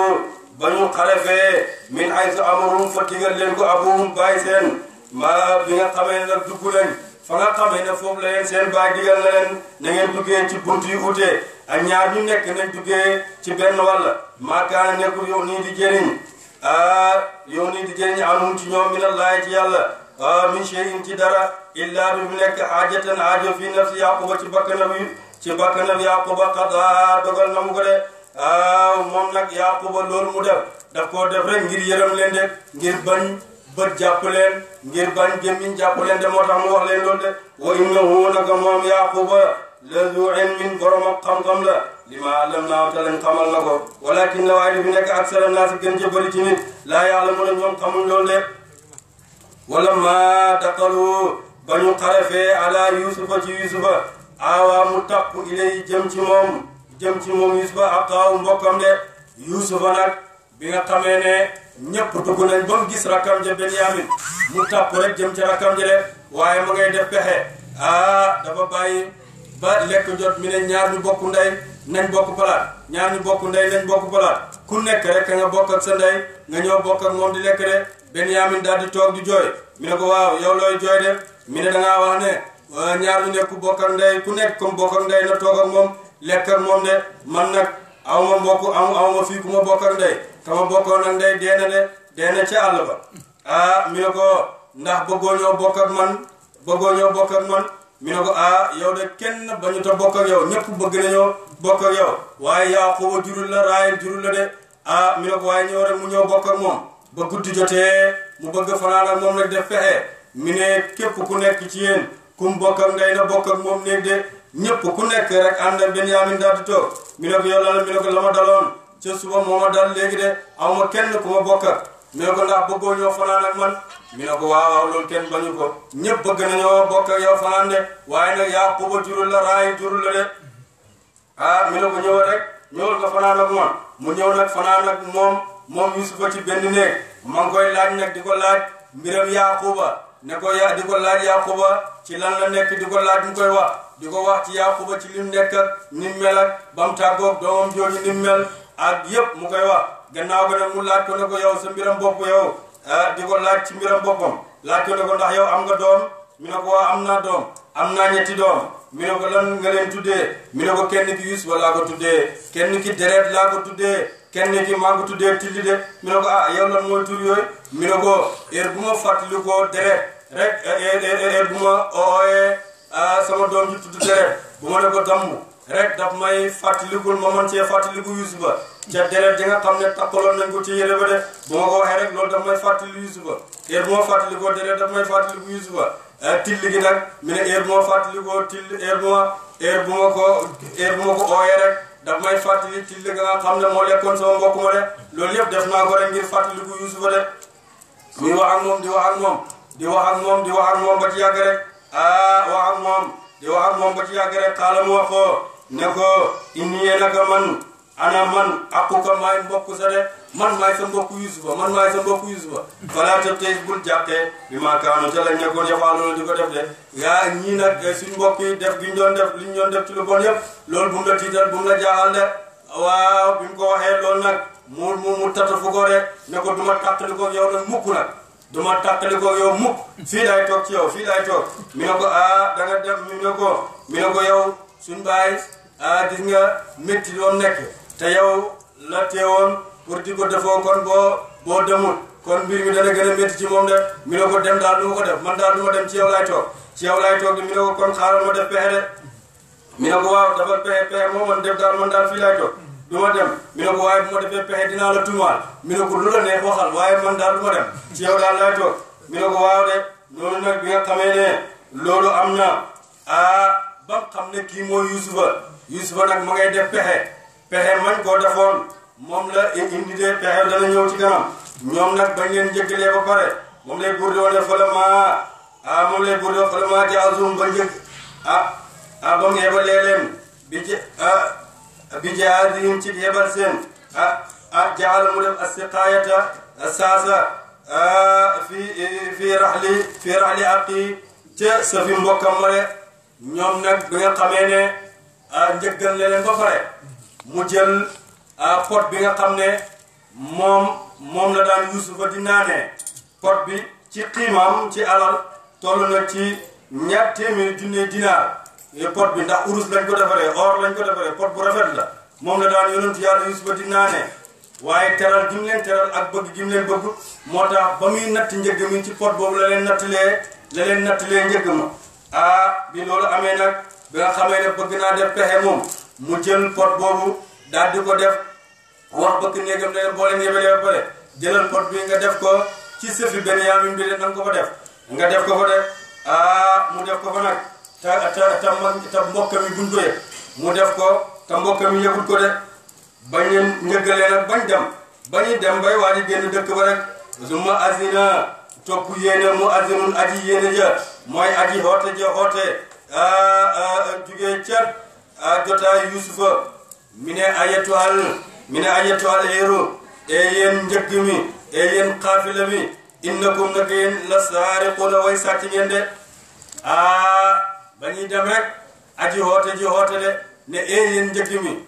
ba ñu xarefee min ay su amarum fa digal leen ko abuhum bàyyi seen ma bi nga xamee nag dugg leen fa nga xamee ne foofu la leen seen baay digal na leen na ngeen duggee ci bunt yu utee ak ñaar ñu nekk nañ duggee ci benn wàll maakaana nekkul yow nii di jëriñ a yow nii di jëriñ amul ci ñoom mi na laay ci yàlla min shay'in ci dara illa du nekk aajatan aajo fii nafsi yàquba ci bakkanam yi ci bakkanam yaquba xada dogal na mu ko de waaw ah, moom nag yaquba loolu mu def daf koo def rek ngir yërëm leen de ngir bañ bët jàpp leen ngir bañ gémmiñ jàpp leen de moo tax mu wax leen loolu de wa innahu naka moom yaquba lezu ilmin borom ak xam-xam la li ma àllam naa te lañ xamal na ko walakin la a dafi nekk aksara naa si gën ci bëri ci nit laa yàlla mën a ñoom xamuñ loolu lépp wala ma daqalu ba ñu xarefee ala yusufa ci yusufa aawaa mu topp ilay jëm ci moom jëm ci moom yusufa akaaw mbokkam de yusufa nag bi nga xamee ne ñëpp dugg nañ ba gis rakkam ja benyamin mu topp rek jëm ci rakkam ja de waaye mu ngay def pexe aa dafa bàyyi ba lekk jot mi ne ñaar ñu bokk ndey nañ bokk palaat ñaar ñu bokk ndey nañ bokk palaat ku nekk rek nga bokk ak sa nga ñëw bokk ak moom di lekk de benyamin daal di toog di jooy mi ne ko waaw yow looy jooy de mi ne dangaa wax ne ñaar ñu nekk ku ndey ku nekk comme bokk ndey na toog moom lekk ak moom de man nag aw mbokk aw aw ma fii ku ma bokk ak ndey kama bokkoon ak ndey dee de dee na àll ba ah mi ko ndax bëggoo ñoo man bëggoo ñoo bokk man mi ne ko ah yow de kenn bañu ta bokk yow ñëpp bëgg nañoo bokk ak yow waaye Yaaquuba jurul la Raayil jurul la de ah mi ko waaye ñëw rek mu ñëw bokk moom ba guddi jotee mu bëgg fanaan moom rek def pexe mi ne képp ku nekk ci kum bokkal ngay na bokk moom néeg de ñëpp ku nekk rek ànd ak Benyamin daal di toog mi ne ko yow lan mi ne ko la ma daloon ca suba moo ma dal léegi de aw ma kenn ku ma bokk ak mi ko ndax bëggoo ñoo fanaan ak nag la raay jurul la de ah mi ne ko ñëwal rek nag fanaan moom moom Yusufa ci benn néeg ma koy laaj nag di ko laaj mbiram Yaquba ne ko yaa di ko laaj Yaquba ci lan la nekk di ko laaj mu koy wax di ko wax ci Yaquba ci lim nekk ak ni mel ak ba mu tàggoog doomam jooju ni mel ak yëpp mu koy wax gannaaw ga nag mu laaj ko ne ko yow sa mbiram bopp yow ah di ko laat ci mbiram boppam laaj ko ne ko ndax yow am nga doom mi ne ko waa am naa doom am naa ñetti doom mi ne ko lan nga tuddee mi ne ko kenn ki Yusuf laa ko tuddee kenn ki deret laa ko tuddee kenn ki maa ngi tuddee tilli de mi ne ko ah yow lan mooy tur yooyu mi ne ko heure bu ma fàttalikoo deret rek eh, eh, eh, heure bu ma ooyee ah, sama doom ji tudd deret bu ma ne ko dammu rek daf may fàttalikul ma man cee fàttaliku Yusufa ca deret ji nga xam ne takkaloon nañ ko ci yére ba de bu ma ko waxee rek loolu daf may fàttaliku Yusufa heure bu ma fàttalikoo deret daf may fàttaliku Yusufa tilli gi nag mi ne heure bu ma fàttalikoo tilli heure bu ma heure bu ma ko heure bu ma ko ooyee rek daf may fàttali ci li nga xam ne moo lekkoon sama mbokk ma de loolu yëpp def naa ko rek ngir fàttaliku Yuusufa de muy wax ak moom di wax ak moom di wax ak moom di wax ak moom ba ci yàgg rek ah wax ak moom di wax ak moom ba ci yàgg rek xaala wax ko ne ko inniyee naka man ana man akuka maay mbokk sa de man maay sa mbokk yusufa man maay sa mbokk yusufa falaa tëb tey bul jàppee bi ma kaanu ca lañ nekkoon yafaaloona di ko def de yaa ñii nag eh, suñ mbokk yi def gi ñu def li ñu doon def ci lu bon yëpp loolu bu mu la tiital bu mu la jaaxal de waaw bi mu ko waxee loolu nag mu mu mu tatafu ko rek ne ko duma tàqali ko yow nag mukk nag duma tàqali ko yow mukk fii laay toog ci yow fii laay toog mi ne ko ah da nga def mi ne ko mi ne ko yow suñ bàyyi ah gis nga te yow la teewoon pour di ko defoo kon boo boo demul kon mbir mi dana gën a métti ci moom de mi ne ko dem daal du ma ko dem man daal du ma dem ci yow laay toog ci yow laay toog de mi ne ko kon xaaral ma def pexe de mi ne ko waaw dafa pexe pexe moo man def daal man dem mi ne ko waaye bu ma defee pexe dinaa la tuumaal mi ne ko lu la neex waxal waaye man daal du ma dem ci yow daal waaw de loolu bi nga xamee ne loolu am na ah xam ne kii moo Yusufa Yusufa nag ma ngay def pexe pexe mañ koo defoon moom la indi de pexe dana ñëw ci kanam ñoom nag bañ leen njëkkalee ba pare moom lay buur di wane falamaa ah moom lay buur di wane falamaa di azum ba njëkk ah ah ba mu yebalee leen bi ja ah bi jaadihim ci yebal seen ah ah jaala mu def assiqaayata saasa ah, fi fi raxli fi raxli aqi ca sa fi mbokkam ma ñoom nag bi nga xamee ne ah njëggal leen ba pare. mu jël ah, pot bi nga xam ne moom moom la daan yusufa di naanee pot bi ci xiimam ci alal toll na ci ñaar téeméeri junne dinaar pot bi ndax urus lañ ko defaree or lañ ko defaree pot bu rafet la moom la daan yonent yàlla yusufa di naanee waaye teral gi leen teral ak bëgg gi leen bëgg moo tax ba muy natt njëgg mi ci pot boobu la leen nattalee la leen nattalee njëgg ma ah bi loolu amee nag bi nga xamee ne bëgg naa def pexe moom mu jël pot boobu daal di ko def wax bëgg néegam ne boo leen yebalee ba pare jëlal pot nga def ko ci sëfi Benyamin bi nga ko fa def nga def ko fa def ah mu def ko fa nag te te te te mbokk ko def ko te mbokk mi yëgul ko de bañ a njëggalee nag bañ dem bañu dem bay waa ji génn dëkk ba rek suma asina topp yéene mu asinun aji yéene ja mooy aji hoote ja hoote ah, ah, jugee cer a yusufa mi ne ayatuhal mi ne ayatuhal héero e yéen njëgg mi e yéen xaafila mi innakum nag yéen la saariquuna way sàcc ngeen de aa ba ñuy dem rek aji hoote ji hoote de ne e yéen njëgg mi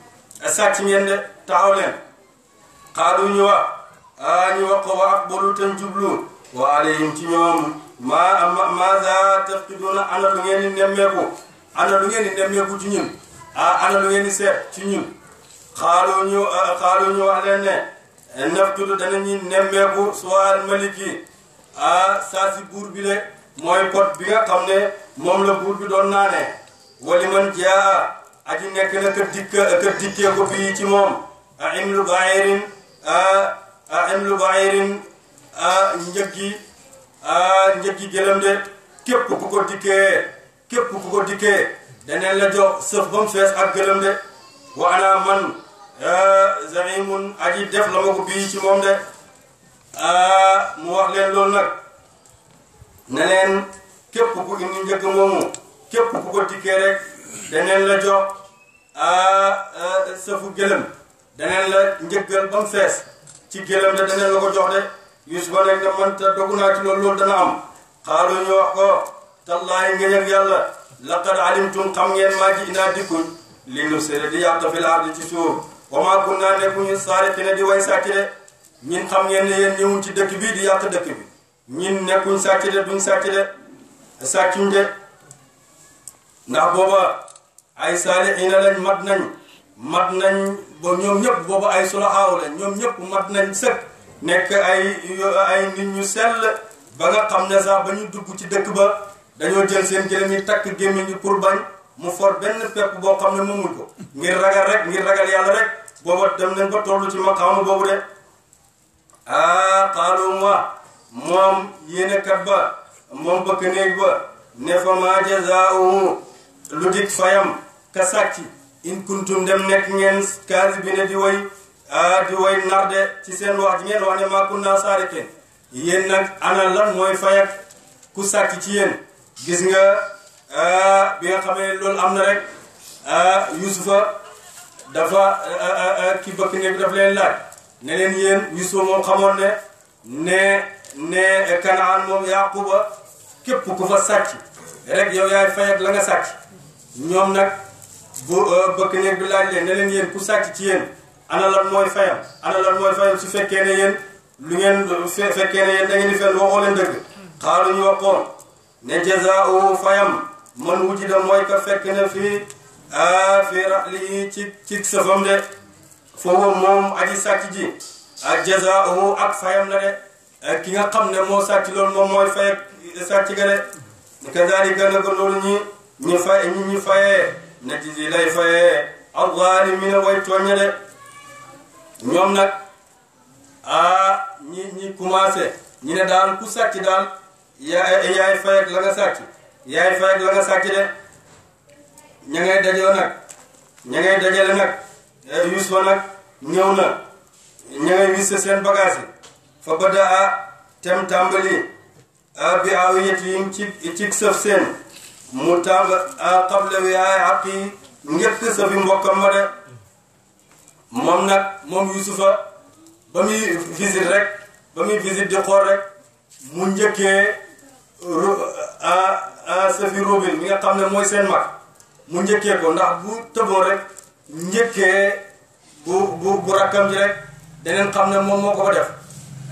sàcc ngeen de taxaw leen xaalu ñu wa a ñu wax ko wa aqbalu tan jublu wa alayhim ci ñoom ma ma maza tafqiduuna ana lu ngeen di nemmeeku ana lu ngeen di nemmeeku ci ñun a ana lu ngeen seet ci ñun xaaloo ñu xaaloo ñu wax leen ne naf tudd danañu nemmeeku suwaal malik yi saa si buur bi le mooy pot bi nga xam ne moom la buur bi doon naane wali man jaa aji nekk na ka dikk ka dikkee ko fii ci moom a im lu baayirin a im lu baayirin a njëg gi a njëg gi gëlëm de képp ku ko dikkee képp ku ko dikkee daneen la jox sëf ba mu fees ak gëlëm de wa ana man euh, zaimun yi def la ma ko bii ci moom de euh, mu wax leen loolu nag ne leen képp ku indi njëkk moomu képp ku ko dikkee rek daneen la jox euh, sëfu gëlëm daneen la njëggal ba mu fees ci gëlëm de daneen la ko jox de Yuusufa nekk ne man te dogu naa ci loolu loolu dana am xaalu wax ko tallaahi ngeen yàlla laqad alimtum xam ngeen maa ji inaa dikkuñ li nu sere di yàq fi laa di ci suuf wa maa kunnaa nekkuñu saariqiina di way sàcc de ñin xam ngeen ne yéen ñëwuñ ci dëkk bii di yàq dëkk bi ñin nekkuñ sàcc de duñ sàcc de sàccuñ de ndax booba ay saalihiina lañ mat nañ mat nañ ba ñoom ñëpp booba ay sulaxaaw lañ ñoom ñëpp mat nañ sëkk nekk ay ay nit ñu sell ba nga xam ne saa ba ñu dugg ci dëkk ba dañoo jël seen jërëm yi takk gémmiñ gi pour bañ mu for benn pepp boo xam ne mëmul ko ngir ragal rek ngir ragal yàlla rek booba dem nañ ba tollu ci maqaamu boobu de ah xaalum wa moom yéenekat ba moom bëkk néeg ba ne fa maa jazaa'uhu lu dik fayam ka sàcc in kuntum dem nekk ngeen kaasi bi ne di woy ah narde ci seen wax ngeen wax ne maa kunna saariqin yéen nag ana lan mooy fayak ku sàcc ci yéen gis nga ah, bi nga xam ne loolu am na rek ah, Yusufa dafa ah, ki bëkk ne bi daf leen laaj ne leen yéen Yusufa moom xamoon ne ne ne Kanaan moom Yaquba képp ku fa sàcc rek yow yaay fayat la nga sàcc ñoom nag bu bëkk ne bi laaj leen ne leen yéen ku sàcc ci yéen ana lan mooy fayam ana lan mooy fayam su fekkee ne yéen lu ngeen fekkee ne yéen da ngeen di fen waxoo leen dëgg xaaruñu waxoon ne jazaa'uhu fayam man da mooy ka fekk na fii a fii rahlihi ci ci sëfam de foofu moom aji sàcc ji ak jazaa'uhu ak fayam la de ki nga xam ne moo sàcc loolu moom mooy fay sàcc ga de kadaalika na ko loolu ñi ñi fay ñi ñi fayee na ji lay fayee alzaalimiina way tooñe de ñoom nag a ñi ñi commencé ñi ne daal ku sàcc daal yaay yaay fay ak la nga sàcc yaay fay la nga sàcc de ña ngay dajoo nag ña ngay dajale nag Yuusufa nag ñëw na ña ngay seen bagage yi fa bada a tem tàmbali a bi aw yet yim ci sëf seen mu tàmb a xable wi ay àq yi njëkk sëfi mbokkam ma de moom nag moom Yuusufa ba muy visite rek ba muy visite di xool rek mu njëkkee Euh, euh, safi robin mi nga xam ne mooy seen mag mu njëkkee ko ndax bu tëboon rek njëkkee bu bu bu rakkam ji rek daneen xam ne moom moo ko ko def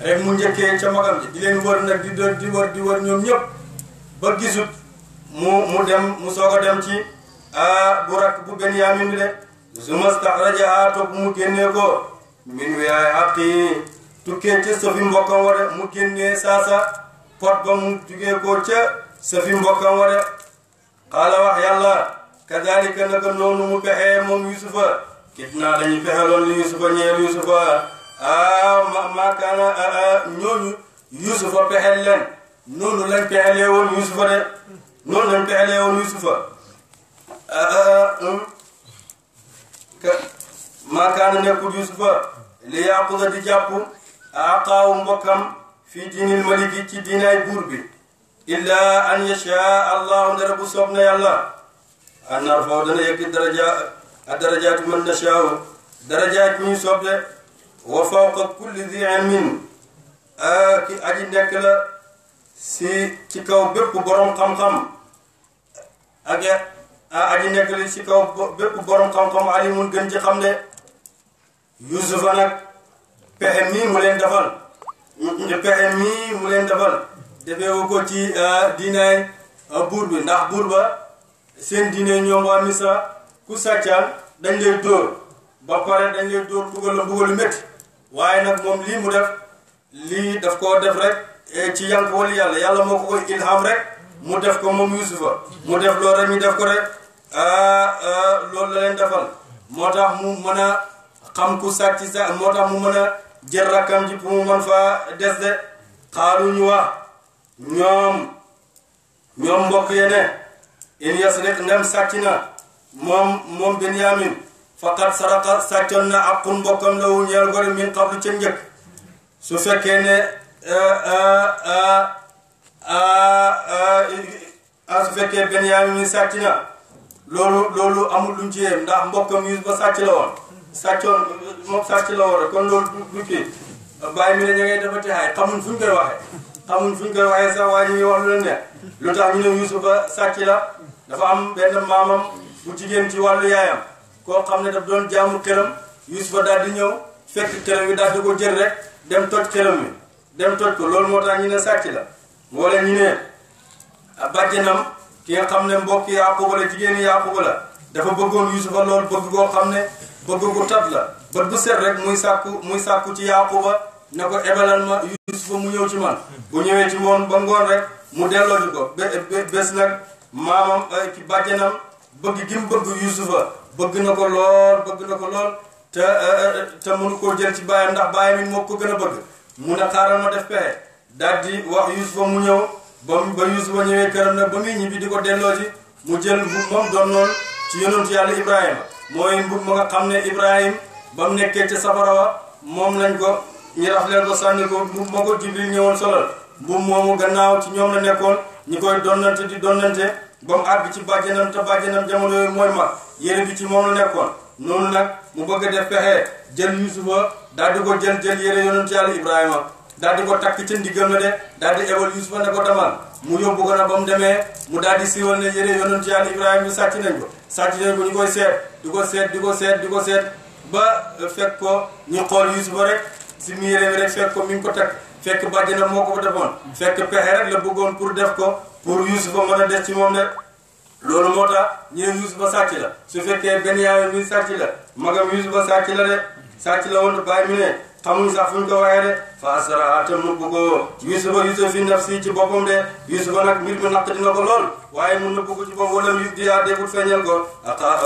rek mu njëkkee ca magam ji di leen wër nag di di wër di wër ñoom ñëpp ba gisut mu mu dem mu soog a dem ci euh, bu rakk bu benn yaamin bi de sumastaxrajaha topp mu génnee ko min wiyaay xaqi tukkee ca safi mbokkam wa de mu génnee saasa pot ba mu jugee koo ca sa mbokkam wa de xaala wax yàlla kadalika naka noonu mu pexee moom yusufa kit naa dañu pexeloon li yusufa ñeel yusufa a ma maakaana ñooñu yusufa pexel leen noonu lañ pexelee woon yusufa de noonu lañ um, yusufa li yàquda di jàpp a xaawu mbokkam fi diinil maliki ci diinaay buur bi illa an yasha allahu ndara bu soob na yàlla an narfoo dana yëkk daraja a darajaati man nashaau darajaat mi soob de wa fawqa kulli di ilmin ki aji nekk la si ci kaw bépp borom xam-xam ak aji nekk la xam-xam alimun gën ci xam de yusufa nag pexe mii mu leen defal DPM nii mu leen defal defeewu ko ci euh, diinaay euh, buur bi ndax buur ba seen diine ñoom waa Misra ku sàccal dañ lay dóor ba pare dañ lay dóor buggal la buggal lu metti waaye nag moom lii mu def lii def ko def rek eh, ci yànk wala yàlla yàlla moo ko koy ilham rek mu def ko moom Yusufa mu def loolu rek ñu def ko rek ah, ah, loolu la leen defal moo tax mu mën a xam ku sàcc sa moo tax mu mën a jël rakkam ji pour mu mën faa des de ñu wax ñoom ñoom mbokk ye ne in yasriq ndem sàcc na moom moom Benyamin faqat saraka sàccoon na ak xun mbokkam lawu ñeel gori min qablu ca njëkk su fekkee ne a euh, euh, euh, su fekkee Benyamin sàcc na loolu loolu amul luñ ci yem ndax mbokkam yu ba sàcc la woon sàccoon moom sàcc la war a kon loolu du ba bàyyi mi ne ña ngay dafa texaay fu fuñ koy waxee xamuñ fuñ koy waxee sax waaye ñu ngi wax lu leen neex lu tax ñu ne Yusufa sàcc la dafa am benn maamam bu jigéen ci wàllu yaayam koo xam ne daf doon jaamu këram Yusufa daal di ñëw fekk yi daal di ko jël rek dem toj këram yi dem toj ko loolu moo tax ñu ne sàcc la wala ñu ne bàjjanam ki nga ne mbokk Yaaquba la jigéen Yaaquba la dafa bëggoon Yusufa loolu bëgg koo xam ne bëgg gu tat la bët bu set rek muy sàkku muy sàkku ci yaaquba ne ko ebelal ma yusufa mu ñëw ci man bu ñëwee ci moom ba ngoon rek mu delloo ci ko bés nag maamam ci bàjjanam bëgg gi mu bëgg yusufa bëgg na ko lool bëgg na ko lool te e, e, e, te mënu koo jël ci bàyyam ndax bàyyam it moo ko gën a bëgg mu ne xaaral ma def pexe daal di wax yusufa mu ñëw ba ba yusufa ñëwee këram nag ba muy ñibbi di ko delloo ci mu jël bu moom doon noonu ci yonentu yàlla ibrahima mooy mbub ma nga xam ne Ibrahim ba mu nekkee ca safara wa moom lañ ko ñu raf leen ko sànni ko mbub ma ko Jibril ñëwoon solal mbub moomu gannaaw ci ñoom la nekkoon ñi koy donnante di donnante ba mu àgg ci bàjjanam te bàjjanam jamono yooyu mooy mag yére bi ci moom la nekkoon noonu nag mu bëgg a def pexe jël Yusufa daal di ko jël jël yére yonent yàlla Ibrahima daal di ko takk ca ndiggam la de daal di ebal Yuusufa ne ko demal mu yóbbu ko na ba mu demee mu daal di siiwal ne yére yonentu Yàlla Ibrahima sàcc nañ ko sàcc nañ ko ñu koy seet di ko seet di ko seet di ko seet ba fekk ko ñu xool Yuusufa rek si mu yére bi rek fekk ko mi ngi ko takk fekk bàjjana moo ko defoon fekk pexe rek la bëggoon pour def ko pour Yuusufa mën a des ci moom rek loolu moo tax ñu ne Yuusufa sàcc la su fekkee benn bi sàcc la magam Yuusufa sàcc la de sàcc la woon xamuñ sax fuñ ko waye de fa asra te nëbb ko yusufa yusufa fi nafsi ci boppam de yusufa nag mbir mi naq dina ko lool waaye mu nëbb ko ci boppam wala mu diyaa deful feeñal ko aqaa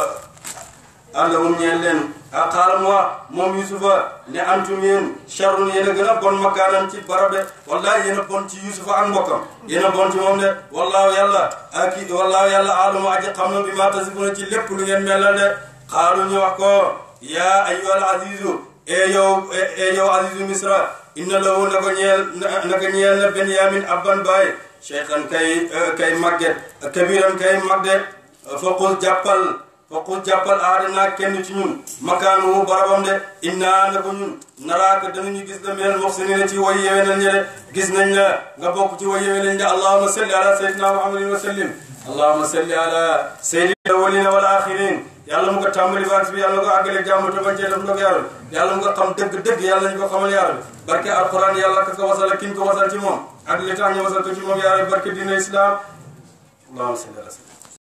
allahum ñeen leen aqaal mu wax moom yusufa ne antum yéen charun yéen a gën a bon makaanan ci barab de wallahi yéen a bon ci yusufa ak mbokkam yéen a bon ci moom de wallaahu yàlla aki wallaahu yàlla aalamu aji xam na bi maa tasifuna ci lépp lu ngeen melal de xaalu ñu wax ko yaa ayyuhal azizu e yow e yow azizu misra inna lahu na ko ñeel na ko ñeel baay cheikhan kay kay kabiran kay magget foqul jàppal foqul jàppal aada naa kenn ci ñun makaanu barabam de innaa na ko ñun naraaka danañu gis la mel muxsinina ci way yewenal ñe gis nañ la nga bokk ci way yewenal ñe allahumma salli ala sayyidina muhammadin wa sallim allahumma salli ala sayyidina walina wal akhirin yàlla mu ko tàmbali baat bi yàlla ko àggale jàmm te bañ cee def ndog yàlla yàlla mu ko xam dëgg-dëgg yàlla ñu ko xamal yàlla barke alquran yàlla ka ko wasal ki ñu ko wasal ci moom ak li tax wasal ko moom yàlla barke diine islam